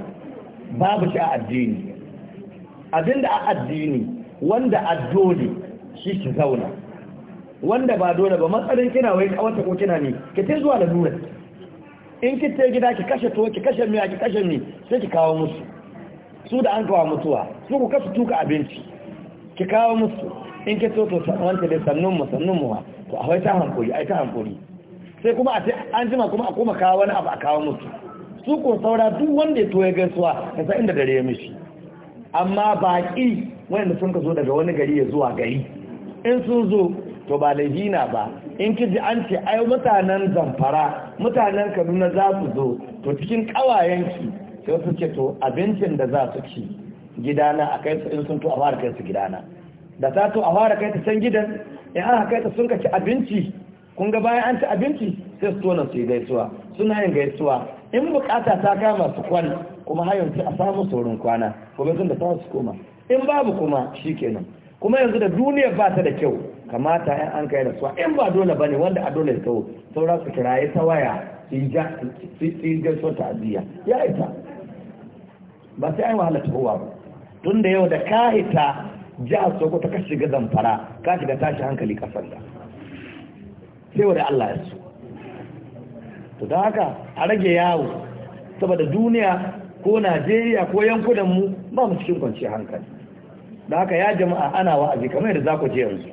babu shi a addini abinda a addini wanda addoli shi ki zauna wanda ba dole ba matsalin kina wai kawata ko kina ne ki ta zuwa da dura in ki ta gida ki kashe to ki kashe miya ki kashe mi sai ki kawo musu su da an kawo mutuwa su ku kasu tuka abinci ki kawo musu in ki so to wanta da sannun mu sannun mu to a ta hankuri ai ta hankuri sai kuma a an jima kuma a koma kawo wani abu a kawo musu su ko saura duk wanda ya toye gaisuwa ya san inda dare ya mishi amma baki wanda sun ka zo daga wani gari ya zuwa gari in sun zo to ba lahina ba in kiji an ce ai mutanen zamfara mutanen kaduna za su zo to cikin ƙawayenki sai su ce to abincin da za su ci gidana a kai su in sun to a fara kai su gidana da ta to a fara kai ta can gidan in an kai ta sun kaci abinci kun ga bayan an ci abinci sai su tona su yi gaisuwa suna yin gaisuwa in bukata ta kama su kwan kuma har a samu saurin kwana gobe sun da ta su koma in babu kuma shi kenan. kuma yanzu da duniya ba ta da kyau kamata yan an kai rasuwa in ba dole ba ne wanda a dole kawo saura su kiraye ta waya in yi gaisuwar ta'aziyya ya ita ba sai an wahala tuhuwa ba tun da yau da ka hita soko ta kashi ga zamfara ka shiga tashi hankali kasan da sai wadda allah ya su to da haka a rage yawo saboda duniya ko najeriya ko yankunan mu ba mu cikin kwanciyar hankali da haka ya jama'a ana wa'azi kamar yadda za ku je yanzu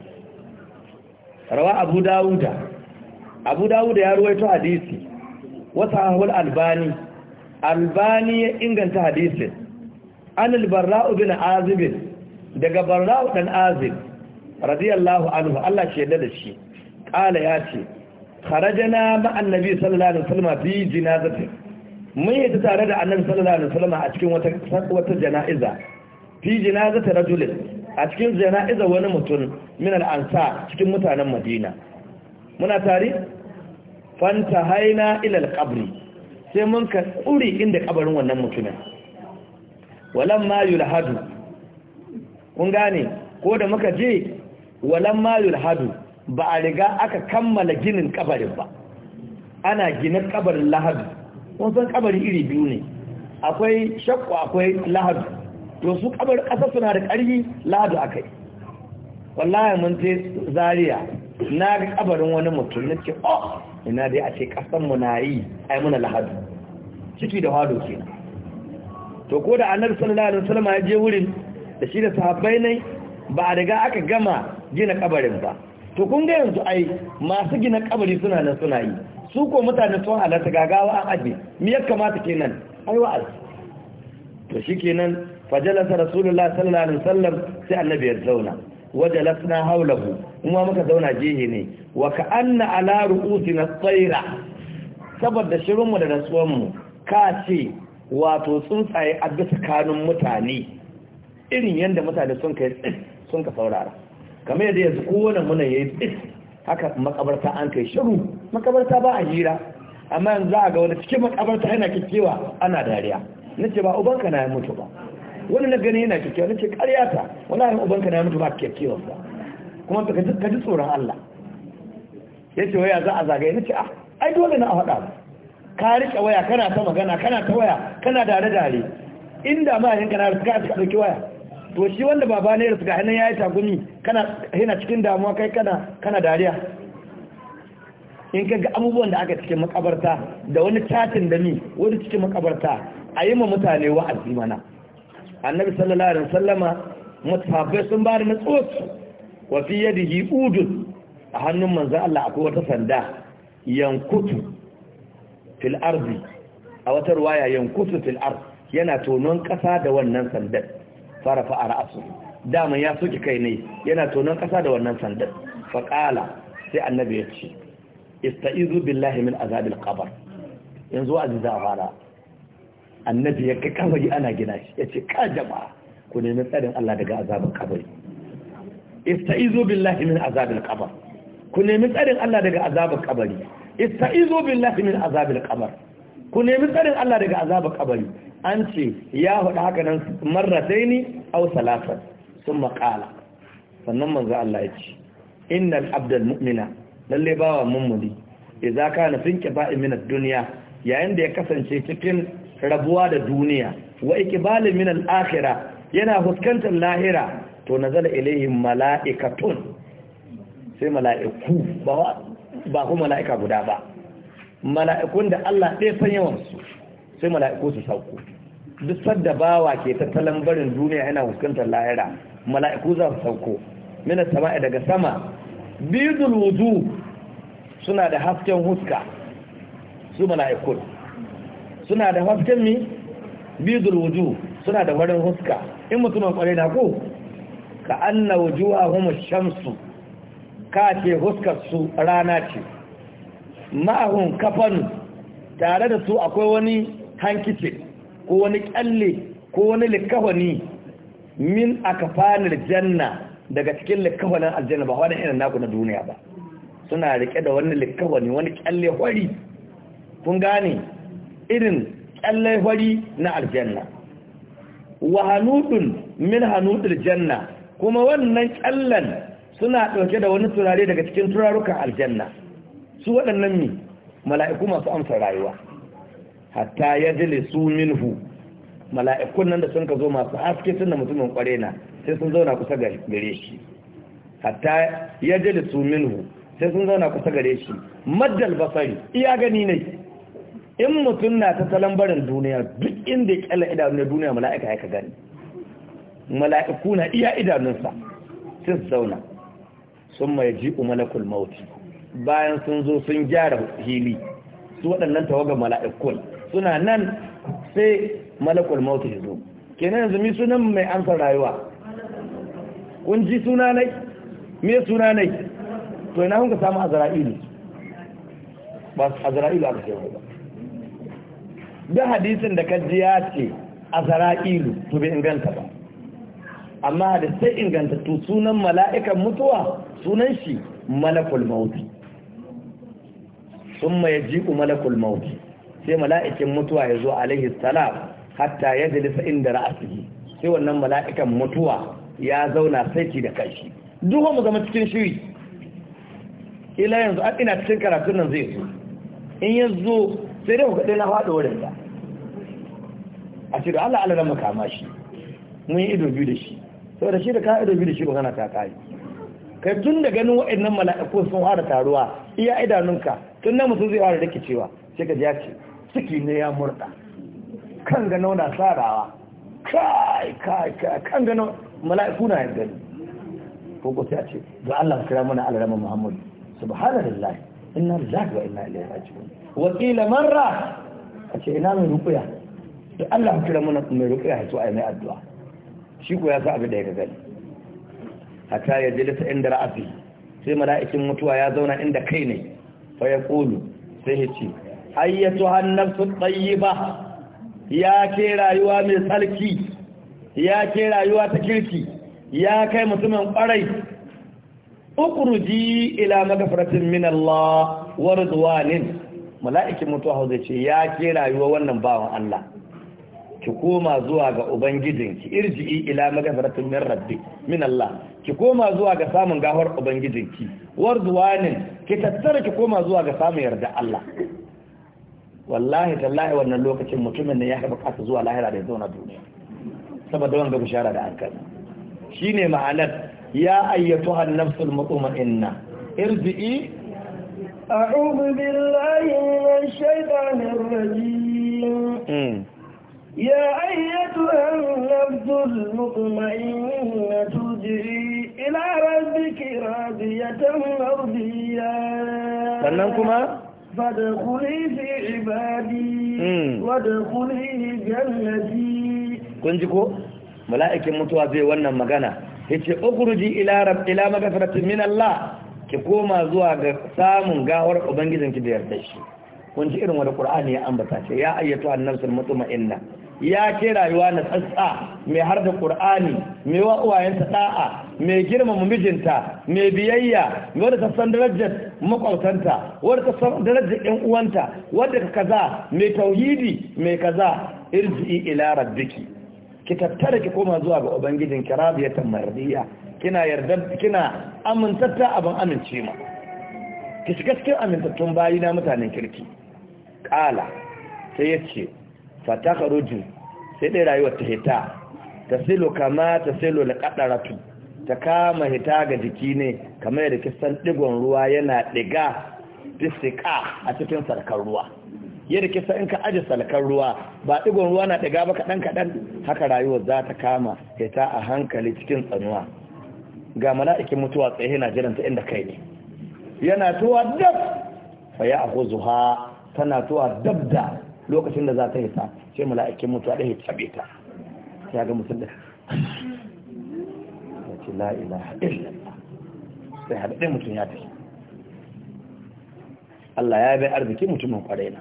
rawa abu dawuda abu dawuda ya ruwaito hadisi wasu ahul albani albani ya inganta hadisi. an albarra'u bin azibin daga barra'u dan azib radiyallahu anhu Allah shi yadda da shi kala ya ce kharajana ma annabi sallallahu alaihi wasallam bi jinazatin mun yi tare da annabi sallallahu alaihi wasallam a cikin wata wata jana'iza fi zata rajulin a cikin jana'iza wani mutum min al'ansa cikin mutanen Madina muna tare fanta haina ila kabri sai mun ka tsuri inda kabarin wannan mutumin Walan walamma hadu kun gane ko da muka je walan mayu hadu ba a riga aka kammala ginin kabarin ba ana gina kabarin lahadu kun san kabari iri biyu ne akwai shakku akwai lahadu to su kamar ƙasa suna da ƙarfi ladu a kai wallahi mun je zaria na ga kabarin wani mutum na ce oh ina dai a ce ƙasan mu na yi ai muna lahadu ciki da hado ke to ko da annabi sallallahu alaihi wasallam ya je wurin da shi da sahabbai ne ba a riga aka gama gina kabarin ba to kun ga yanzu ai masu gina kabari suna nan suna yi su ko mutane sun halatta gagawa an aje me ya kamata kenan ai wa'azi to shikenan fajalasa rasulullah sallallahu alaihi wasallam sai annabi ya zauna wajalasna haulahu kuma muka zauna jihi ne wa ka'anna ala ru'usina tsaira saboda shirinmu da rasuwanmu ka ce wato tsuntsaye a bisa kanun mutane irin yadda mutane sun kai sun ka saurara kamar yadda yanzu kowane munan ya yi haka makabarta an kai shiru makabarta ba a hira amma yanzu za a ga wani cikin makabarta yana kikewa ana dariya nace ba ka na ya mutu ba wani na gani yana kyakkyawa na ce karyata wani hayan ubanka na mutu ba kyakkyawa ba kuma ka ji tsoron Allah ya ce waya za a zagaye na ce ah ai dole na a faɗa ba ka riƙe waya kana ta magana kana ta waya kana dare dare inda ma yanka na suka suka ɗauki waya to shi wanda baba ne da suka hannun ya yi tagumi kana yana cikin damuwa kai kana kana dariya in ka ga abubuwan da aka cikin makabarta da wani catin da ni wani cikin makabarta a yi ma mutane wa'azi mana annabi sallallahu alaihi wasallama mutafafai sun ba da natsuwarsu wa fi yadihi udun a hannun manzan Allah akwai wata sanda yankutu fil a wata ruwaya yankutu fil ard yana tonon kasa da wannan sandan farafa a ra'asu dama ya soke kai ne yana tonon kasa da wannan sandan Faƙala, sai annabi ya ce istaizu billahi min azabil qabr yanzu aziza fara annabi ya kai kabari ana gina shi ya ce ka jama'a ku nemi tsarin Allah daga azabin kabari ista'izu billahi min azabil qabr ku nemi tsarin Allah daga azabin kabari ista'izu billahi min azabil qabr ku nemi tsarin Allah daga azabin kabari an ce ya hudu haka nan marrataini aw salasan thumma qala sannan manzo Allah ya ce innal abdal mu'mina lalle bawa mummuni idza kana finqi ba'in min ad-dunya yayin da ya kasance cikin rabuwa da duniya wa iqbalin min al-akhirah yana fuskantar lahira to nazala ilaihim mala'ikatun sai mala'iku ba ba kuma mala'ika guda ba mala'ikun da Allah ɗaya san yawan su sai mala'iku su sauko duk sadda bawa ke tattalin barin duniya yana fuskantar lahira mala'iku za su sauko Min sama'i daga sama bidul wudu suna da hasken huska su mala'ikun suna da hasken mi bidul wuju suna da farin huska in mutumin kwarai na ko ka anna wujuha hum shamsu ka ce huskar su rana ce ma'ahun kafan tare da su akwai wani hankice ko wani kalle ko wani likafani min akafanil janna daga cikin likafanin aljanna ba wani irin naku na duniya ba suna rike da wani likafani wani kalle hori kun gane irin kyallai fari na aljanna wa hanudun min hanutul janna kuma wannan kyallan suna ɗauke da wani turare daga cikin turarukan aljanna su waɗannan ne mala'iku masu amsa rayuwa hatta ya jale su minhu mala'ikun nan da sun ka zo masu haske sun da mutumin kware na sai sun zauna kusa gare shi hatta ya jale su minhu sai sun zauna kusa gare shi maddal basari iya gani ne in mutum na ta salon barin duniya duk inda ya kyalla idanun na duniya mala'ika ya ka gani mala'iku na iya idanunsa sun zauna sun mai ji malakul mawuti bayan sun zo sun gyara hili su waɗannan tawagar mala'ikun suna nan sai malakul mawuti ya zo kenan yanzu mi sunan mai amsar rayuwa kun ji suna nai me suna nai to ina kun ka samu azra'ilu ba azra'ilu aka ce ba duk hadisin da kaji ya ce a zara'ilu to bai inganta ba amma da inganta ingantattu sunan mala'ikan mutuwa sunan shi malakul mauti sun ya ji'u malakul mauti sai mala'ikin mutuwa ya zo alaihi salam hatta ya lisa inda ra'asihi sai wannan mala'ikan mutuwa ya zauna saiki da kashi duk mu zama cikin shiri ila yanzu an ina cikin karatun nan zai zo in ya zo sai dai kuka na faɗo wurin da a ce da Allah Allah ran makama shi mun yi ido biyu da shi sau da shi da ka ido biyu da shi magana ta kai kai tun da ganin waɗannan mala'iku sun fara taruwa iya idanunka tun na mutum zai fara dake cewa sai ka ji ya ce ciki ne ya murɗa kan ga nauna sarawa kai kai kai kan ga mala'iku na gani ko ko sai a ce ga Allah kira mana Allah ran Muhammad subhanallahi inna lillahi wa inna ilaihi raji'un wakila marra a ce ina mai rukuya da Allah kira muna mai rukuya ya a mai addu'a shi ko ya sa abin da ya gani hatta ya jilisa inda ra'afi sai mala'ikin mutuwa ya zauna inda kai ne fa ya kulu sai ya ce ayyatu tsayi ba. ya ke rayuwa mai tsarki ya ke rayuwa ta kirki ya kai mutumin kwarai ukurji ila maghfiratin min Allah wa rizwanin mala'ikin mutuwa hau ce ya ke rayuwa wannan bawan Allah ki koma zuwa ga ki irji ila magafaratun min rabbi min Allah ki koma zuwa ga samun gafar ubangijinki warduwanin ki tattara ki koma zuwa ga samun yarda Allah wallahi tallahi wannan lokacin mutumin ne ya ka kasa zuwa lahira da ya zauna duniya saboda wanga bishara da an kai shine ma'anar ya ayyatu an nafsul mutma'inna irji A'ubuIlahi na shaida na waje. Yahai ya turaren naftur muƙma'i na turjiri. Ilaran bikin Rabi'a mutuwa bai wannan magana. Ya ce o ila maga faratun min Allah. ki koma zuwa ga samun gawar ubangijin ki da yarda shi kun ji irin wani qur'ani ya ambata ce ya ayyatu annasul mutma'inna ya ce rayuwa na tsatsa mai har da qur'ani mai wa uwayenta da'a mai girmama mijinta mai biyayya mai ta san darajar makwabtanta wanda ta darajar ɗan uwanta wanda ka kaza mai tauhidi mai kaza irji ila rabbiki ki tattara ki koma zuwa ga ubangijin ki radiyatan mardiya kina yarda kina amintatta abin amince ma ki shiga cikin amintattun bayi na mutanen kirki kala sai ya ce fatakaruju sai dai rayuwar ta hita ta kama ta silo ta kama hita ga jiki ne kamar yadda kisan digon ruwa yana diga disika a cikin sarkar ruwa yadda kisa in ka aje salkar ruwa ba digon ruwa na diga ba kaɗan kaɗan haka rayuwar za ta kama hita a hankali cikin tsanuwa ga mala'ikin mutuwa tsaye yana jiranta inda kai ne yana tuwa dab fa ya akhudhuha tana tuwa dab da lokacin da za ta hita sai mala'ikin mutuwa da hita ta ya ga mutum da ya ce la ilaha illallah sai haɗaɗɗen mutum ya tafi Allah ya bai arziki mutumin kwarai na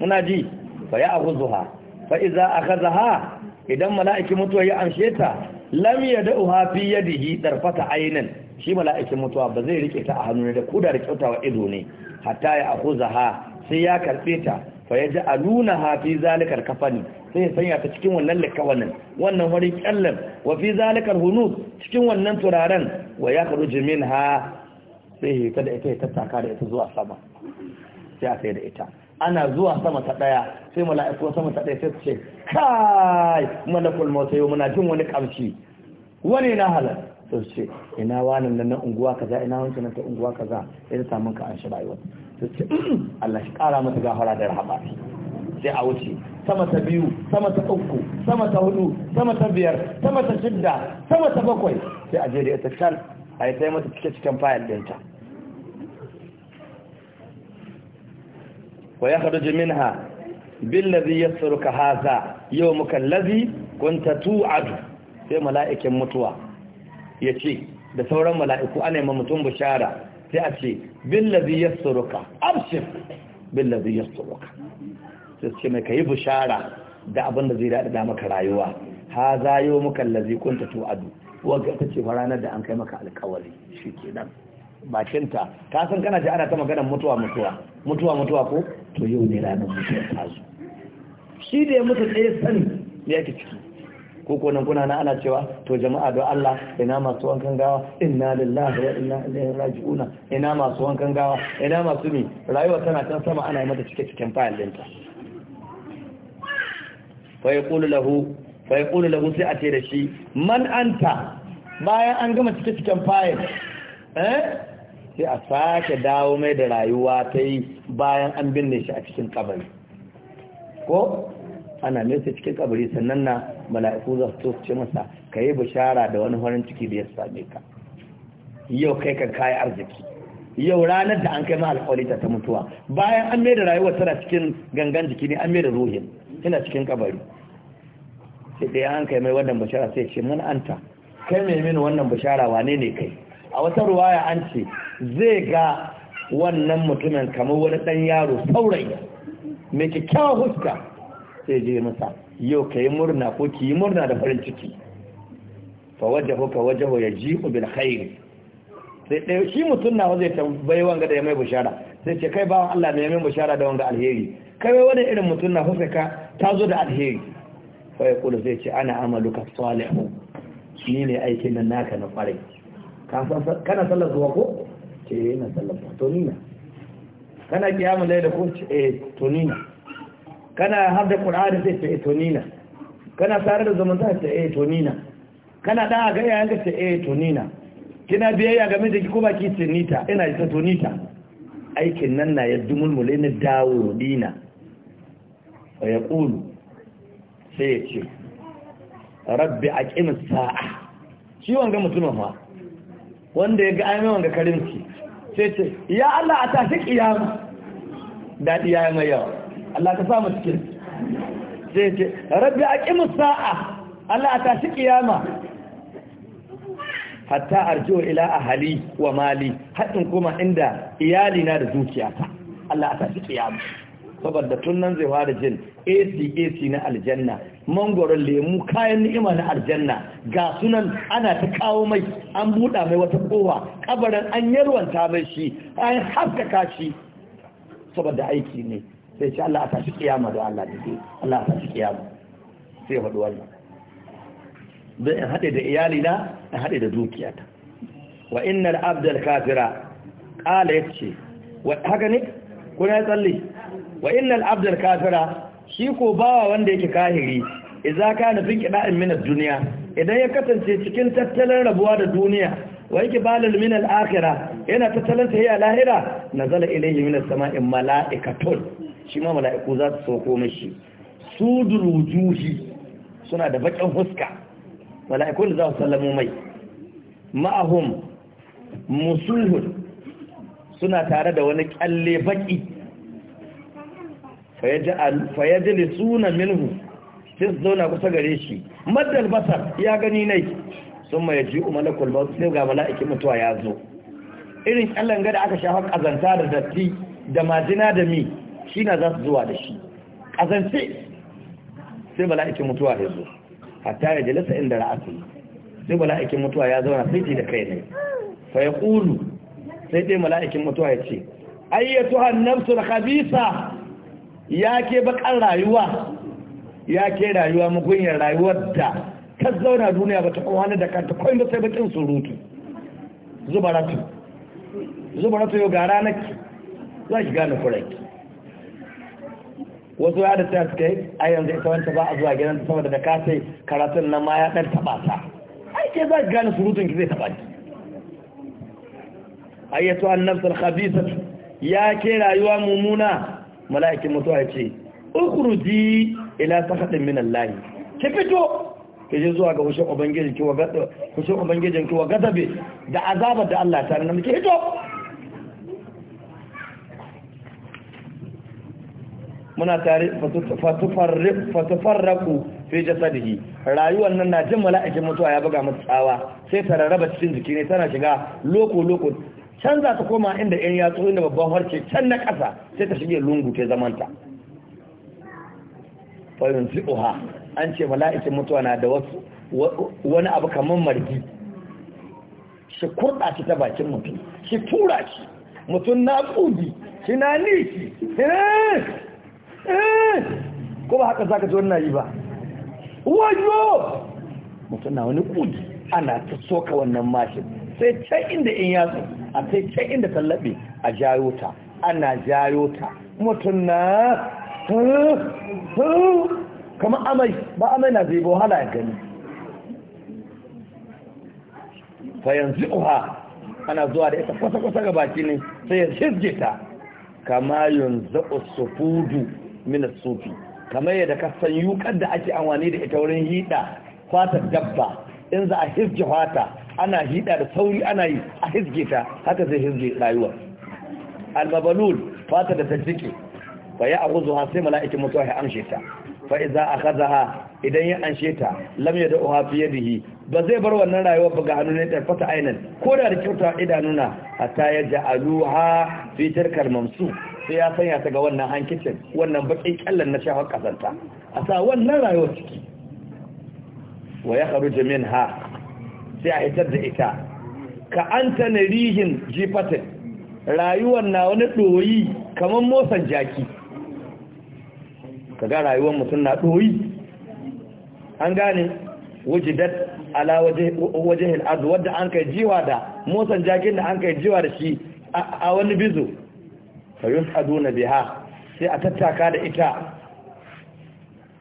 muna ji fa ya akhudhuha fa idza akhadhaha idan mala'ikin mutuwa ya amshe ta lam uha fi yadihi darfata aynan shi mala'ikin mutuwa ba zai rike ta a hannu da kuda da kyautawa ido ne hatta ya akhuzaha sai ya karbe ta fa ha fi zalikal kafani sai ya sanya ta cikin wannan likawanin wannan wani kyallan wa fi zalikal cikin wannan turaren wa ya kharuju minha sai ya da ita ya taka da ita zuwa sama sai a sai da ita ana zuwa sama ta daya sai mala'iku sama ta daya sai su ce kai malakul mauta yau muna jin wani kamshi wani na halal sai su ce ina wani nan na unguwa kaza ina wancan nan ta unguwa kaza sai ta samu ka an shi rayuwa sai su ce Allah shi kara mata gafara da rahama sai a wuce sama ta biyu sama ta uku sama ta hudu sama ta biyar sama ta shidda sama ta bakwai sai a je da ita can a yi sai mata cike cikin fayil ɗinta wa yakhruju minha billazi yasruka hadha yawmuka allazi kunta tu'adu sai mala'ikin mutuwa yace da sauran mala'iku ana yi mutum bishara sai a ce ya billazi yasruka abshir ya yasruka sai ce mai yi bishara da abin da zai dada maka rayuwa hadha yawmuka allazi kunta tu'adu wa ga ta ce ranar da an kai maka alƙawari nan. bakinta ka san kana ji ana ta maganar mutuwa mutuwa mutuwa mutuwa ko to yau ne ranar mutuwa ta zo shi da ya mutu tsaye sani ya ke ciki ko ko nan kuna na ana cewa to jama'a don Allah ina masu wankan gawa inna lillahi wa inna ilaihi raji'una ina masu wankan gawa ina masu ni? rayuwa tana can sama ana yi mata cike cikin fayil dinta fa yaqulu lahu fa yaqulu lahu sai a ce da shi man anta bayan an gama cike cikin fayil eh sai a sake dawo mai da rayuwa ta yi bayan an binne shi a cikin kabari ko ana nesa cikin kabari sannan na mala'iku za su ce masa ka yi bishara da wani farin ciki da ya same ka yau kai kan kayi arziki yau ranar da an kai ma alƙawalita ta mutuwa bayan an mai da rayuwa tana cikin gangan jiki ne an mai da ruhin tana cikin kabari sai dai an kai mai wannan bishara sai ce mun anta kai mai mini wannan bishara wane ne kai a wata ruwaya an ce zai ga wannan mutumin kamar wani ɗan yaro saurayi mai kyakkyawa huska sai je masa yau ka yi murna ko ki yi murna da farin ciki fa wajahu ka wajahu ya ji bil khairi sai ɗaya shi mutum na zai tambayi wanga da ya mai bushara sai ce kai bawan Allah ne ya mai bushara da wanga alheri kai wani irin mutum na huska ka ta zo da alheri fa ya kula zai ce ana amaluka salihu ni ne aikin nan naka na kwarai kana sallar zuwa ko ce yana sallata tonina nina kana kiyamun da ko ce eh to nina kana har da qur'ani sai ce eh, to nina kana tare da zamanta ce eh to kana ɗan ga gaya yanka ce eh, tonina kina biyayya ga ki ko ki ce nita ina ita tonita aikin nan na yadda mulmule na dawo dina Ya ƙulu sai ya ce rabbi a ƙimin sa'a ciwon ga mutumin ma wanda ya ga ainihin wanga karimci sai ce ya Allah a tashi kiyama daɗi ya yi mai yawa Allah ka samu cikin sai ce rabbi a ƙi musa'a Allah a tashi kiyama hatta arjo ila a hali wa mali haɗin kuma inda iyalina da zuciya ta, Allah a tashi kiyama saboda tun nan zai fara jin ACAC na aljanna mangoron lemu kayan ni'ima na aljanna ga sunan ana ta kawo mai an buɗa mai wata kowa kabarin an yarwanta mai shi an haskaka shi saboda aiki ne sai shi Allah a tashi kiyama da Allah ne Allah a tashi kiyama sai ya faɗi wannan don in haɗe da iyalina in haɗe da dukiyata wa innal abdal kafira ƙala ya ce haka ne kuna ya tsalle wa innal abdal kafira shi ko bawa wanda yake kahiri idza kana fi qida'in min ad-dunya idan ya kasance cikin tattalin rabuwa da duniya wa yake balal min al-akhirah yana tattalin ta a lahira nazala ilayhi min as-sama'i mala'ikatun shi ma mala'iku za su soko mishi sudur wujuhi suna da bakin huska mala'ikun za su sallamu mai ma'ahum musulhun suna tare da wani kalle baki suna minhu sai su zauna kusa gare shi maddal basar ya gani nai sun mai ji umalakul kulba sai ga mala'ikin mutuwa ya zo irin kyallan da aka shafa kazanta da datti da majina da mi shi na za su zuwa da shi kazance sai mala'ikin mutuwa ya zo hatta ya jalisa inda ra'atu sai mala'ikin mutuwa ya zauna sai ji da kai ne fa ya kulu sai dai mala'ikin mutuwa ya ce ayyatu an nafsul khabisa ya ke bakar rayuwa ya ke rayuwa mugunyar rayuwar da ta zauna duniya ba ta kwanwani da kanta kwan da sai bakin surutu zubaratu zubaratu yau ga ranar ki za ki gane kurai wasu ya da ta suka yi a yanzu ita wanta ba a zuwa gidan ta sama da ka sai karatun na ma ya ɗan taɓa ta ai za ki gane surutun ki zai taɓa ki ayyatu annabtar nafsar ya ke rayuwa mummuna mala'ikin mutuwa ya ce ukuruji ila sakhatin min Allah ki fito ki je zuwa ga hushin ubangijin ki wa gada hushin ubangijin ki wa gadabe da azabar da Allah ta nuna ki fito muna tare fatufarraku fi jasadihi rayuwar nan na jin mala'ikin mutuwa ya buga mata tsawa sai ta rarraba cikin jiki ne tana shiga loko loko can za ta koma inda yan yatsu inda babban harce can na ƙasa sai ta shige lungu ta zamanta fayin fi'uha an ce mala'ikin mutuwa na da wasu wani abu kamar margi shi kurɗa shi ta bakin mutum shi tura shi mutum na ƙudi shi na nishi eh, eh. ko ba haka za ka ji wannan yi ba wajo mutum na wani ƙudi ana ta soka wannan mashin sai can inda in yatsu a sai can inda tallabe a jayo ta ana jayo ta mutum na kama amai ba amai na zai bohala ya gani fa yanzu uha ana zuwa da ita kwasa-kwasa ga baki ne sai ya shirge ta kama yanzu sufudu, mina sufi kama yadda ka sanyu, yukar da ake amfani da ita wurin hida fatar dabba in za a hirge fata ana hida da sauri ana yi a hizge ta haka zai hizge rayuwa almabalul fata da tajjike fa ya aguzu ha sai mala'iki mutuwa ya amshe ta fa idza akhadha idan ya anshe ta lam yad'uha fi yadihi ba zai bar wannan rayuwar ba ga hannun ta fata ainan ko da da kyauta idanuna hatta ya ja'aluha fi tarkal mamsu sai ya sanya ta ga wannan hankicin wannan bakin kallan na shafa kasanta a sa wannan rayuwar ciki wa ya kharuja minha sai a hitar da ita ka an ta na rihin jifatin rayuwar na wani ɗoyi kamar motsan jaki ka ga rayuwar mutum na ɗoyi an gane wujidat ala waje al'adu wadda an kai jiwa da motsan jakin da an kai jiwa da shi a wani bizo fayus aduna biha sai a tattaka da ita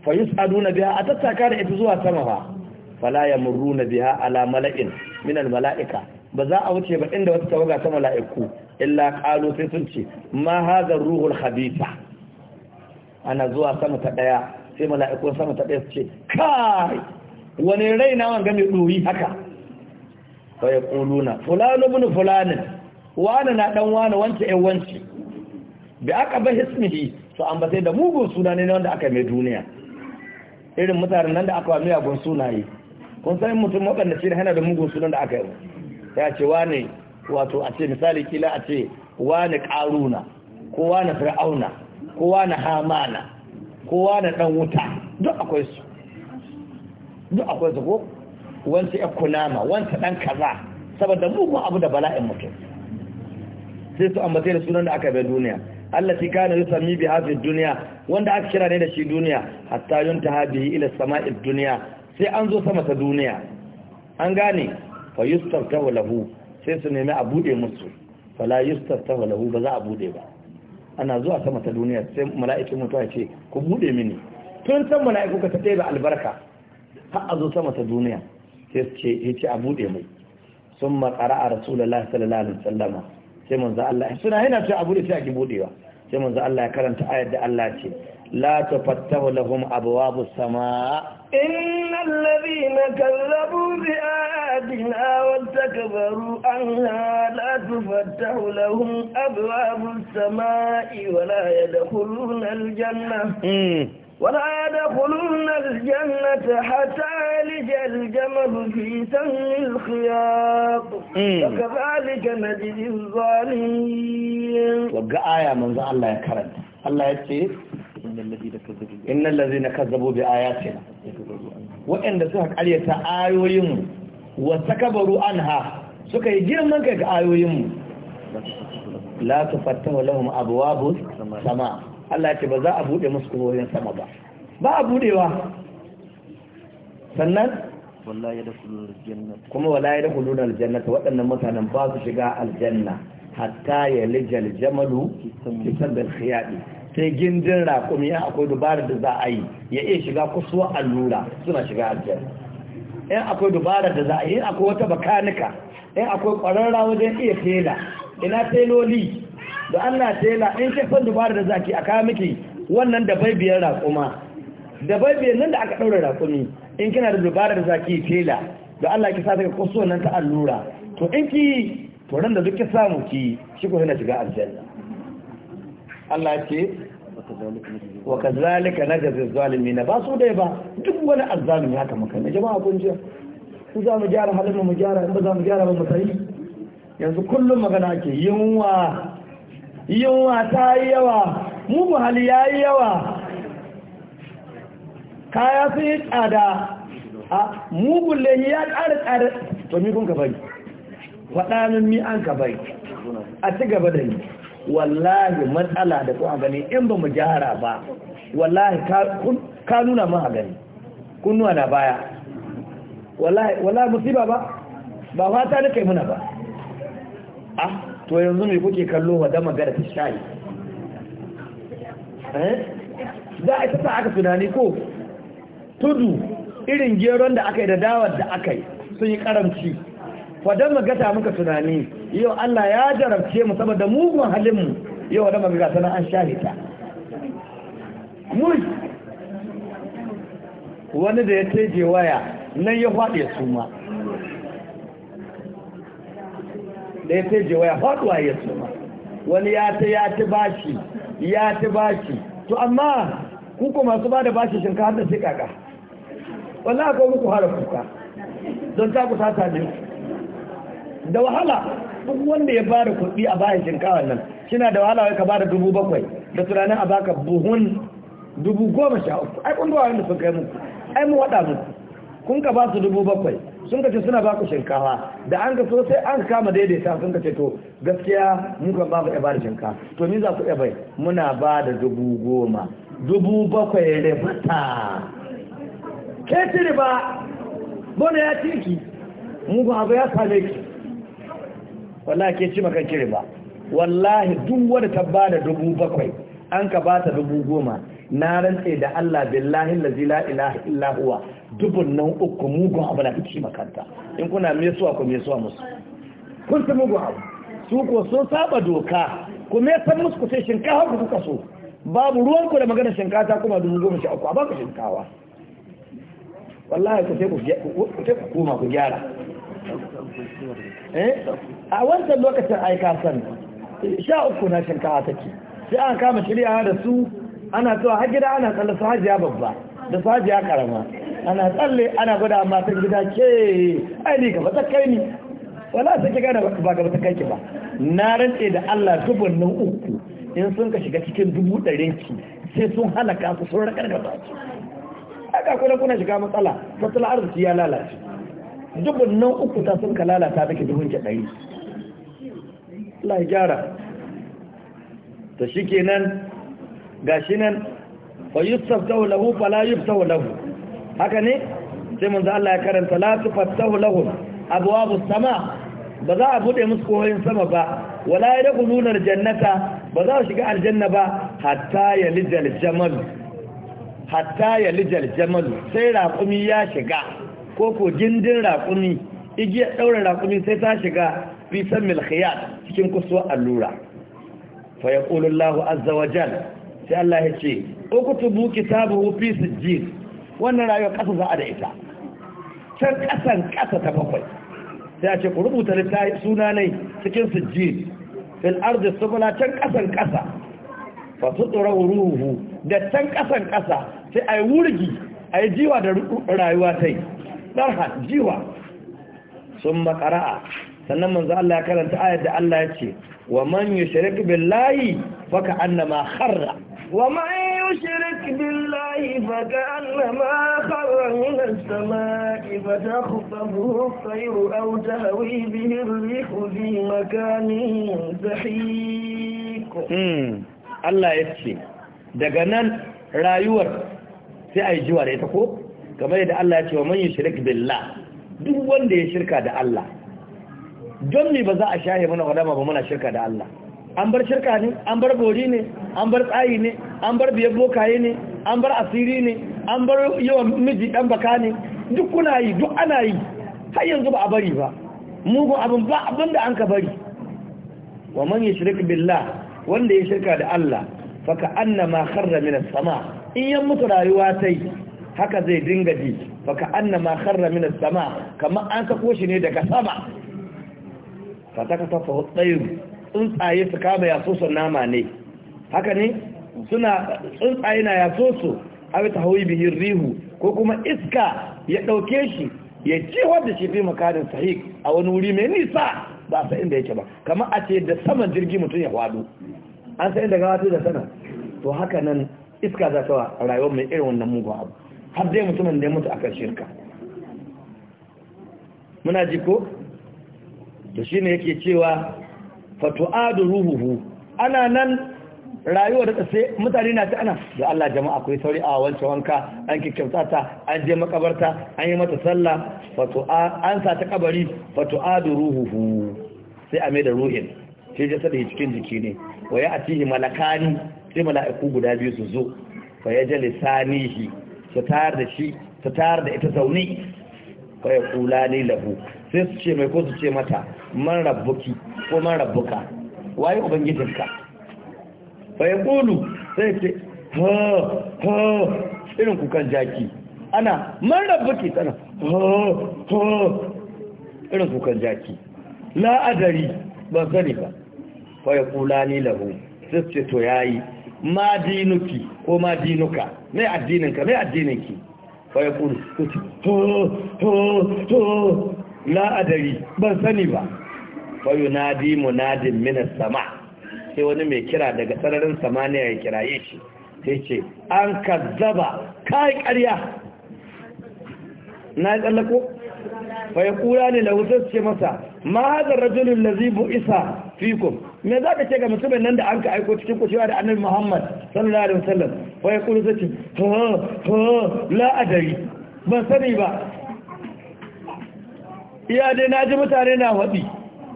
fayus aduna biha a tattaka da ita zuwa sama ba fala ya na biha ala mala'in min al mala'ika ba za a wuce ba inda wata tawaga ta mala'iku illa qalu sai sun ce ma hadha ruhul khabitha ana zuwa sama ta daya sai mala'iku sama ta daya su ce kai wani rai na wanga mai ɗoyi haka Ba ya kuluna fulanu Fulani fulanin wani na dan wani wance ɗan wance bi aka ba hismihi su an da mugun suna ne wanda aka mai duniya irin mutanen nan da aka wa miyagun sunaye kun san mutum waɗanda shi yana da mugun sunan da aka yi ya ce wane wato a ce misali kila a ce wane ƙaruna ko wane fir'auna ko wane hamana ko wane ɗan wuta duk akwai su duk akwai su ko wance ya kunama wance ɗan kaza saboda mugun abu da bala'in mutum sai su ambace da sunan da aka bai duniya Allah shi kana yi sami bi hafi duniya wanda aka kira ne da shi duniya hatta yunta habihi ila sama'id duniya sai an zo sama ta duniya an gane fa ta walahu sai su nemi a bude musu fala ta walahu ba za a bude ba ana zuwa sama ta duniya sai mala'ikin mutuwa ce ku bude mini tun san mala'iku ka ta ba albarka har a zo sama ta duniya sai su ce ce a bude mai sun makara a rasulallah sallallahu alaihi wasallam sai manzo Allah suna yana ce a bude sai a ki budewa sai manzo Allah ya karanta ayar da Allah ce la tafattahu lahum abwabus samaa إن الذين كذبوا بآياتنا واستكبروا عنها لا تفتح لهم أبواب السماء ولا يدخلون الجنة ولا يدخلون الجنة حتى يلج الجمل في سم الخياط وكذلك نجد الظالمين وقع آية من الله يكرم الله يتشير innal ladzina kazzabu bi ayatina wa'anda suka karyata ayoyinmu wa takabaru anha suka yi girman kai ga ayoyinmu la tufattahu lahum abwabus sama Allah ce ba za a bude musu kohoyin sama ba ba a budewa sannan kuma wala ya dakulun aljanna waɗannan mutanen ba su shiga aljanna hatta ya lijal jamalu kisan bil khiyadi sai gindin raƙumi yan akwai dubarar da za a yi ya iya shiga kusurwa allura suna shiga aljihar yan akwai dubarar da za a yi yan akwai wata bakanika yan akwai ƙwararra wajen iya tela ina teloli da allah tela in kefan dubarar da za ke a kawo miki wannan da bai biyar raƙuma da bai biyar nan da aka ɗaura raƙumi in kina da dubarar da za ki tela da allah ki sa daga kusurwa nan ta allura to in ki to nan da duk ki samu ki shi ko yana shiga aljihar Allah ce wa kazalika najzi zalimin ba su dai ba duk wani azzalimi haka muka ne jama'a kun ji su za mu gyara halin mu gyara in ba za mu gyara ba mu sai yanzu kullum magana ke yunwa yunwa ta yi yawa mugu hali ya yi yawa kaya sun yi tsada a mugun lehi ya ƙara tsada to ni kun ka bai faɗanin mi an ka bai a ci gaba da ni wallahi matsala da kuma gani in ba mu jihara ba wallahi ka nuna mun gani kunnuwa na baya wallahi musiba ba ba fata da kai muna ba ah to yanzu mai kuke kallo wa da magana ta shayi Za eh? a ita aka tunani ko tudu irin geron da aka yi da dawar da aka yi sun yi karamci mu magata muka tunani yau Allah ya jarabce mu saboda mugun halinmu yau wadda magata na an shahita mu wani da ya teje waya nan ya faɗi suma da ya teje waya faɗuwa ya suma wani ya ta ya ta bashi ya ta bashi to amma kuku masu ba da bashi shinkafa da sai kaka wallahi ko muku hara kuka don ta ku ta ne da wahala duk wanda ya bada kuɗi a bayan shinkawa nan kina da wahala wai ka bada dubu bakwai da tunanin a baka buhun dubu goma sha uku ai kun wanda sun kai muku ai mu waɗa muku kun ka ba su dubu bakwai sun ka ce suna baku shinkawa da an ka so sai an kama daidaita sun ka ce to gaskiya mun kan ba mu iya bada shinkawa to ni za ku iya bai muna ba da dubu goma dubu bakwai ribata ke ci riba bona ya ci ki mu ba abu ya same ki wallahi ke ci maka kire ba wallahi duk wanda ta bada dubu bakwai an ka ba ta dubu goma na rantse da Allah billahi lazi la ilaha illa huwa dubun nan uku mugun abu na ci makanta in kuna mesuwa ku mesuwa musu kun ta mugun abu su ko so saba doka ku mesan musu ku sai shinkafa ku kuka so babu ruwan ku da magana shinkafa kuma dubu goma sha uku a baka shinkawa wallahi ku sai ku koma ku gyara Eh? a wancan lokacin aika san sha uku na shinkawa take sai an kama shirya da su ana zuwa har gida ana tsalle su hajiya babba da su hajiya karama ana tsalle ana gwada matan gida ke aini gaba ba kai ni wala ta kika da ba ga ba takai ba na rantse da Allah zubun uku in sun ka shiga cikin dubu ɗarin ki sai sun hana su sun rakar da ba haka kuna kuna shiga matsala matsala arziki ya lalace dubun nan uku ta sun kalala ta take dubun ke ɗari Allah ya gyara ta shi nan, ga shi nan fa yustaftahu lahu fa la lahu haka ne sai mun za Allah ya karanta la tuftahu lahu abwabu sama ba za a bude musu koyon sama ba wala yadkhuluna aljannata ba za su shiga aljanna ba hatta yalijal jamal hatta yalijal jamal sai raƙumi ya shiga ko ko gindin raƙumi igiyar ɗaurin raƙumi sai ta shiga fi san cikin kusurwar allura fa ya ƙulun azza wa jal sai Allah ya ce ukutubu kitabu fi ji wannan rayuwar ƙasa za a da ita can ƙasan ƙasa ta bakwai sai a ce ku rubuta suna ne cikin ji. fil ardi subula can ƙasan ƙasa fa sutura ruhu da can ƙasan ƙasa sai a yi wurgi a yi jiwa da rayuwa ta yi darhan jiwa sun makara'a sannan manzo Allah ya karanta ayar da Allah ya ce wa man yushrik billahi fa annama kharra wa man yushrik billahi fa annama kharra min as-samaa'i fa takhtabuhu at-tayru aw tahwi bihi ar-rihu fi makanin dahiq Allah ya ce daga nan rayuwar sai ai jiwa da ita ko kamar yadda Allah ya ce wa man yushrik billah duk wanda ya shirka da Allah don me ba za a shahe mana wadama ba muna shirka da Allah an bar shirka ne an bar bori ne an bar tsayi ne an bar biyar bokaye ne an bar asiri ne an bar yawan miji dan baka ne duk kuna yi duk ana yi har yanzu ba a bari ba mugun abin ba abin da an ka bari wa man yushrik billah wanda ya shirka da Allah fa ka annama kharra sama in yan mutu rayuwa tai haka zai dinga ji baka annama kharra min as-sama kamar an ka koshi ne daga sama fa ta kafa tsuntsaye su kama yaso nama ne haka ne suna tsuntsaye na so su awi tahwi bihi rihu ko kuma iska ya dauke shi ya ci wanda shi fi makarin sahih a wani wuri mai nisa ba sa inda yake ba kamar a ce da saman jirgi mutum ya wado an sa inda gawa da sana to haka nan iska za ta wa rayuwar mai irin wannan mugun abu har dai mutumin da ya mutu kan shirka muna ji ko to ne yake cewa fatu'adu ruhuhu ana nan rayuwa da sai mutane na ta ana da Allah jama'a ku yi sauri a wancan wanka an kyauta ta an je makabarta an yi mata sallah fatu'a an sa ta kabari fatu'adu ruhuhu sai a mai da ruhin sai ya sada cikin jiki ne wa ya atihi malakani sai mala'iku guda biyu su zo fa ya ta tayar da shi ta tayar da ita zaune fa ya kula ne labu sai su ce mai ko su ce mata man rabbuki ko man rabbuka waye ubangijinka fa ya kulu sai ce ha ha irin kukan jaki ana man rabbuki tana ha ha irin kukan jaki la adari ba sani ba fa ya kula ne labu sai su ce to yayi ma dinuki ko ma dinuka mai addininka mai addininki fa ya kuru to to to la adari ban sani ba fa yunadi munadin min sama sai wani mai kira daga sararin samaniya ya kiraye shi sai ce an kazzaba kai ƙarya na tsallako fa ya kura ne da wutar ce masa ma hadha ar-rajul allazi bu'isa fikum me ka ce ga mutumin nan da an ka aiko cikin kucewa da annabi Muhammad sallallahu alaihi wasallam ya yaqulu zati ha ha la adari ban sani ba iya dai ji mutane na wadi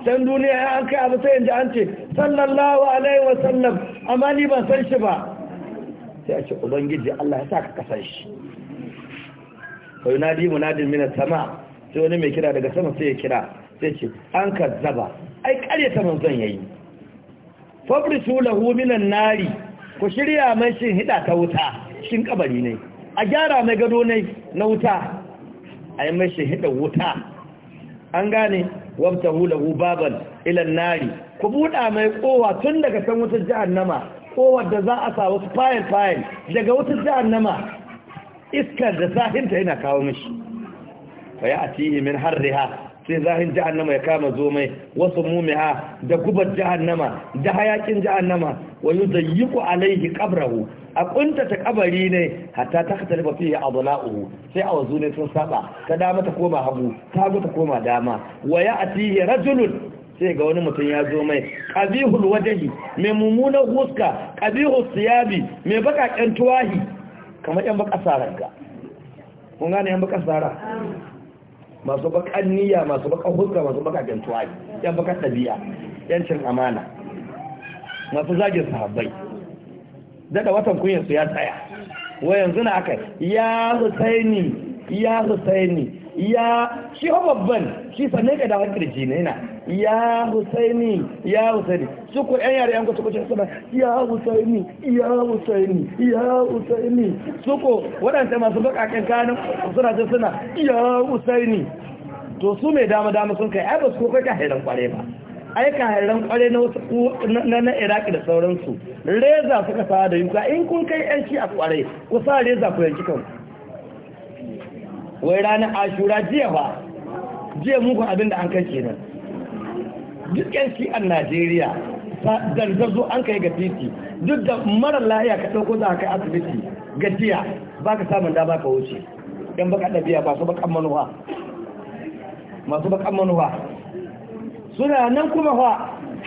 dan duniya ya an kai abu sai inda an ce sallallahu alaihi wasallam amma ni ban san shi ba sai a ce ubangiji Allah ya saka kasan shi fa yunadi munadin min as-sama sai wani mai kira daga sama sai ya kira sai ce an kazzaba ai ta manzon yayi fabrisu lahu minan nari ku shirya mai shin hida ta wuta shin kabari ne a gyara mai gado ne na wuta ai mai shin hida wuta an gane wabta hulahu baban ilan nari ku buɗa mai kowa tun daga san wutar jahannama kowar da za a sa wasu fayil fayil daga wutar jahannama iskar da sahinta yana kawo mishi fa ya atihi min harriha sai zahin jahannama ya kama zomai wasu mumiha da gubar jahannama da hayakin jahannama wa yuzayyiqu alaihi qabrahu a kunta ta kabari ne hatta ta katalifa fihi adla'uhu sai a wazu ne sun saba ta dama ta koma hagu ta ta koma dama wa ya'tihi rajulun sai ga wani mutum ya zo mai qabihul wajhi mai mumunan huska qabihus siyabi mai bakaken tuwahi kamar yan baka saranga kun gane yan baka masu bakan niyya masu bakan huska masu bakan tuwali yan bakan ɗabi'a yancin amana masu zagin sahabbai daga watan kunyarsu ya tsaya wa yanzu na aka ya husaini ya husaini ya shi babban shi sannan ka da kirji ne na ya husaini ya husaini su ku yan yare yan kwace kwace suna ya husaini ya husaini ya husaini su ku wadanda masu kan kanin suna ce suna ya husaini to su mai dama dama sun kai ai ba su kai hairan kware ba ai hairan kware na wasu na na iraki da sauransu reza suka sa da yuka in kun kai yanci shi a kware ku sa reza ku yanki kanku wai ranar ashura jiya ba jiya muku abin da an kai kenan duk yan a najeriya danzazo an kai ga titi duk da mara lahiya ka ɗauko za kai asibiti ga jiya ba ka samun dama ka wuce yan baka ɗabiya ba su bakan manuwa masu bakan manuwa suna nan kuma fa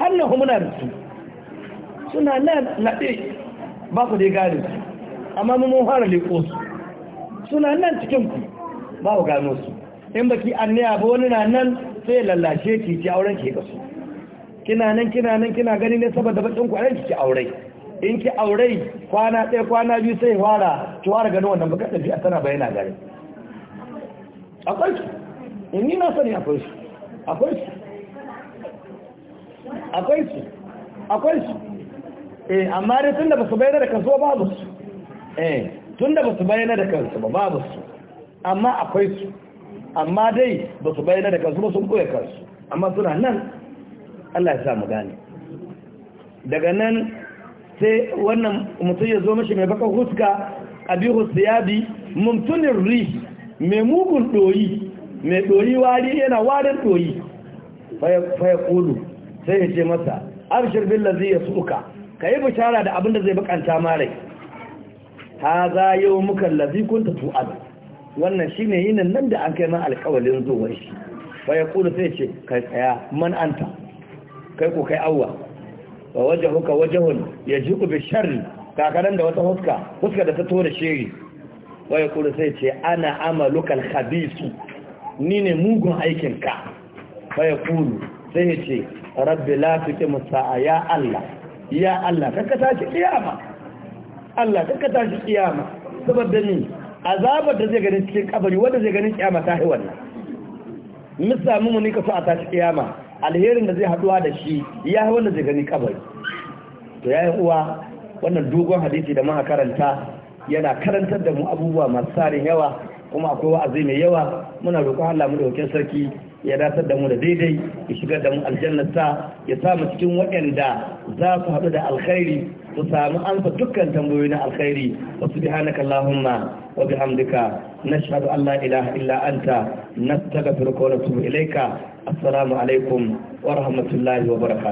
hannun muna da su suna nan naɗe ba ku dai gane su amma mun fara leƙo su suna nan cikin ku ba ku gano su in baki annaya ba wani na nan sai lallace ki ci auren ki su kina nan kina nan kina gani ne saboda bakin ku ki aure in ki aure kwana ɗaya kwana biyu sai fara ki fara gano wannan baka tafi a tana bayyana gare akwai su in eh, ni na sani akwai su akwai shi akwai shi akwai shi eh amma dai tunda su bayyana da kansu ba babu su eh tunda su bayyana da kansu ba babu su amma akwai su amma dai ba su bayyana da kansu ba sun koya kansu amma suna nan Allah ya sa mu gane daga nan sai wannan mutum ya zo mashi mai baka huska abihu siyabi mumtunin ri mai mugun doyi mai doyi wari yana warin doyi faya kulu sai ya ce masa abshir billazi ya suka ka yi bishara da abin da zai bakanta marai ha za yau muka lazi kunta tu'adu wannan shine yinin nan da an kai ma alkawalin zuwa shi fa yaqulu sai ce kai tsaya man anta kai ko kai awwa wa wajhuka wajhun yajiku bi sharri kakaran da wata huska huska da ta tore shiri wa yaqulu sai ce ana amaluka al ni ne mugun aikinka fa yaqulu sai ce rabbi la tuqimu sa'a ya Allah ya Allah kakka tashi kiyama Allah kakka tashi kiyama saboda ni azabar da zai gani cikin kabari wanda zai gani kiyama ta yi wannan misa mu ne kaso a tashi kiyama alherin da zai haduwa da shi ya yi wanda zai gani kabari to yayin uwa wannan dogon hadisi da muka karanta yana karantar da mu abubuwa masu tsarin yawa kuma akwai wa'azi mai yawa muna roƙon Allah mu dauke sarki ya datar da mu da daidai ya shigar da mu aljannata ya sa mu cikin waɗanda za su haɗu da alkhairi ku samu amsa dukkan tambayoyi na alkhairi wa subhanaka allahumma wa bihamdika nashhadu an la ilaha illa anta nastaghfiruka wa natubu ilayka assalamu alaikum wa rahmatullahi wa barakatuh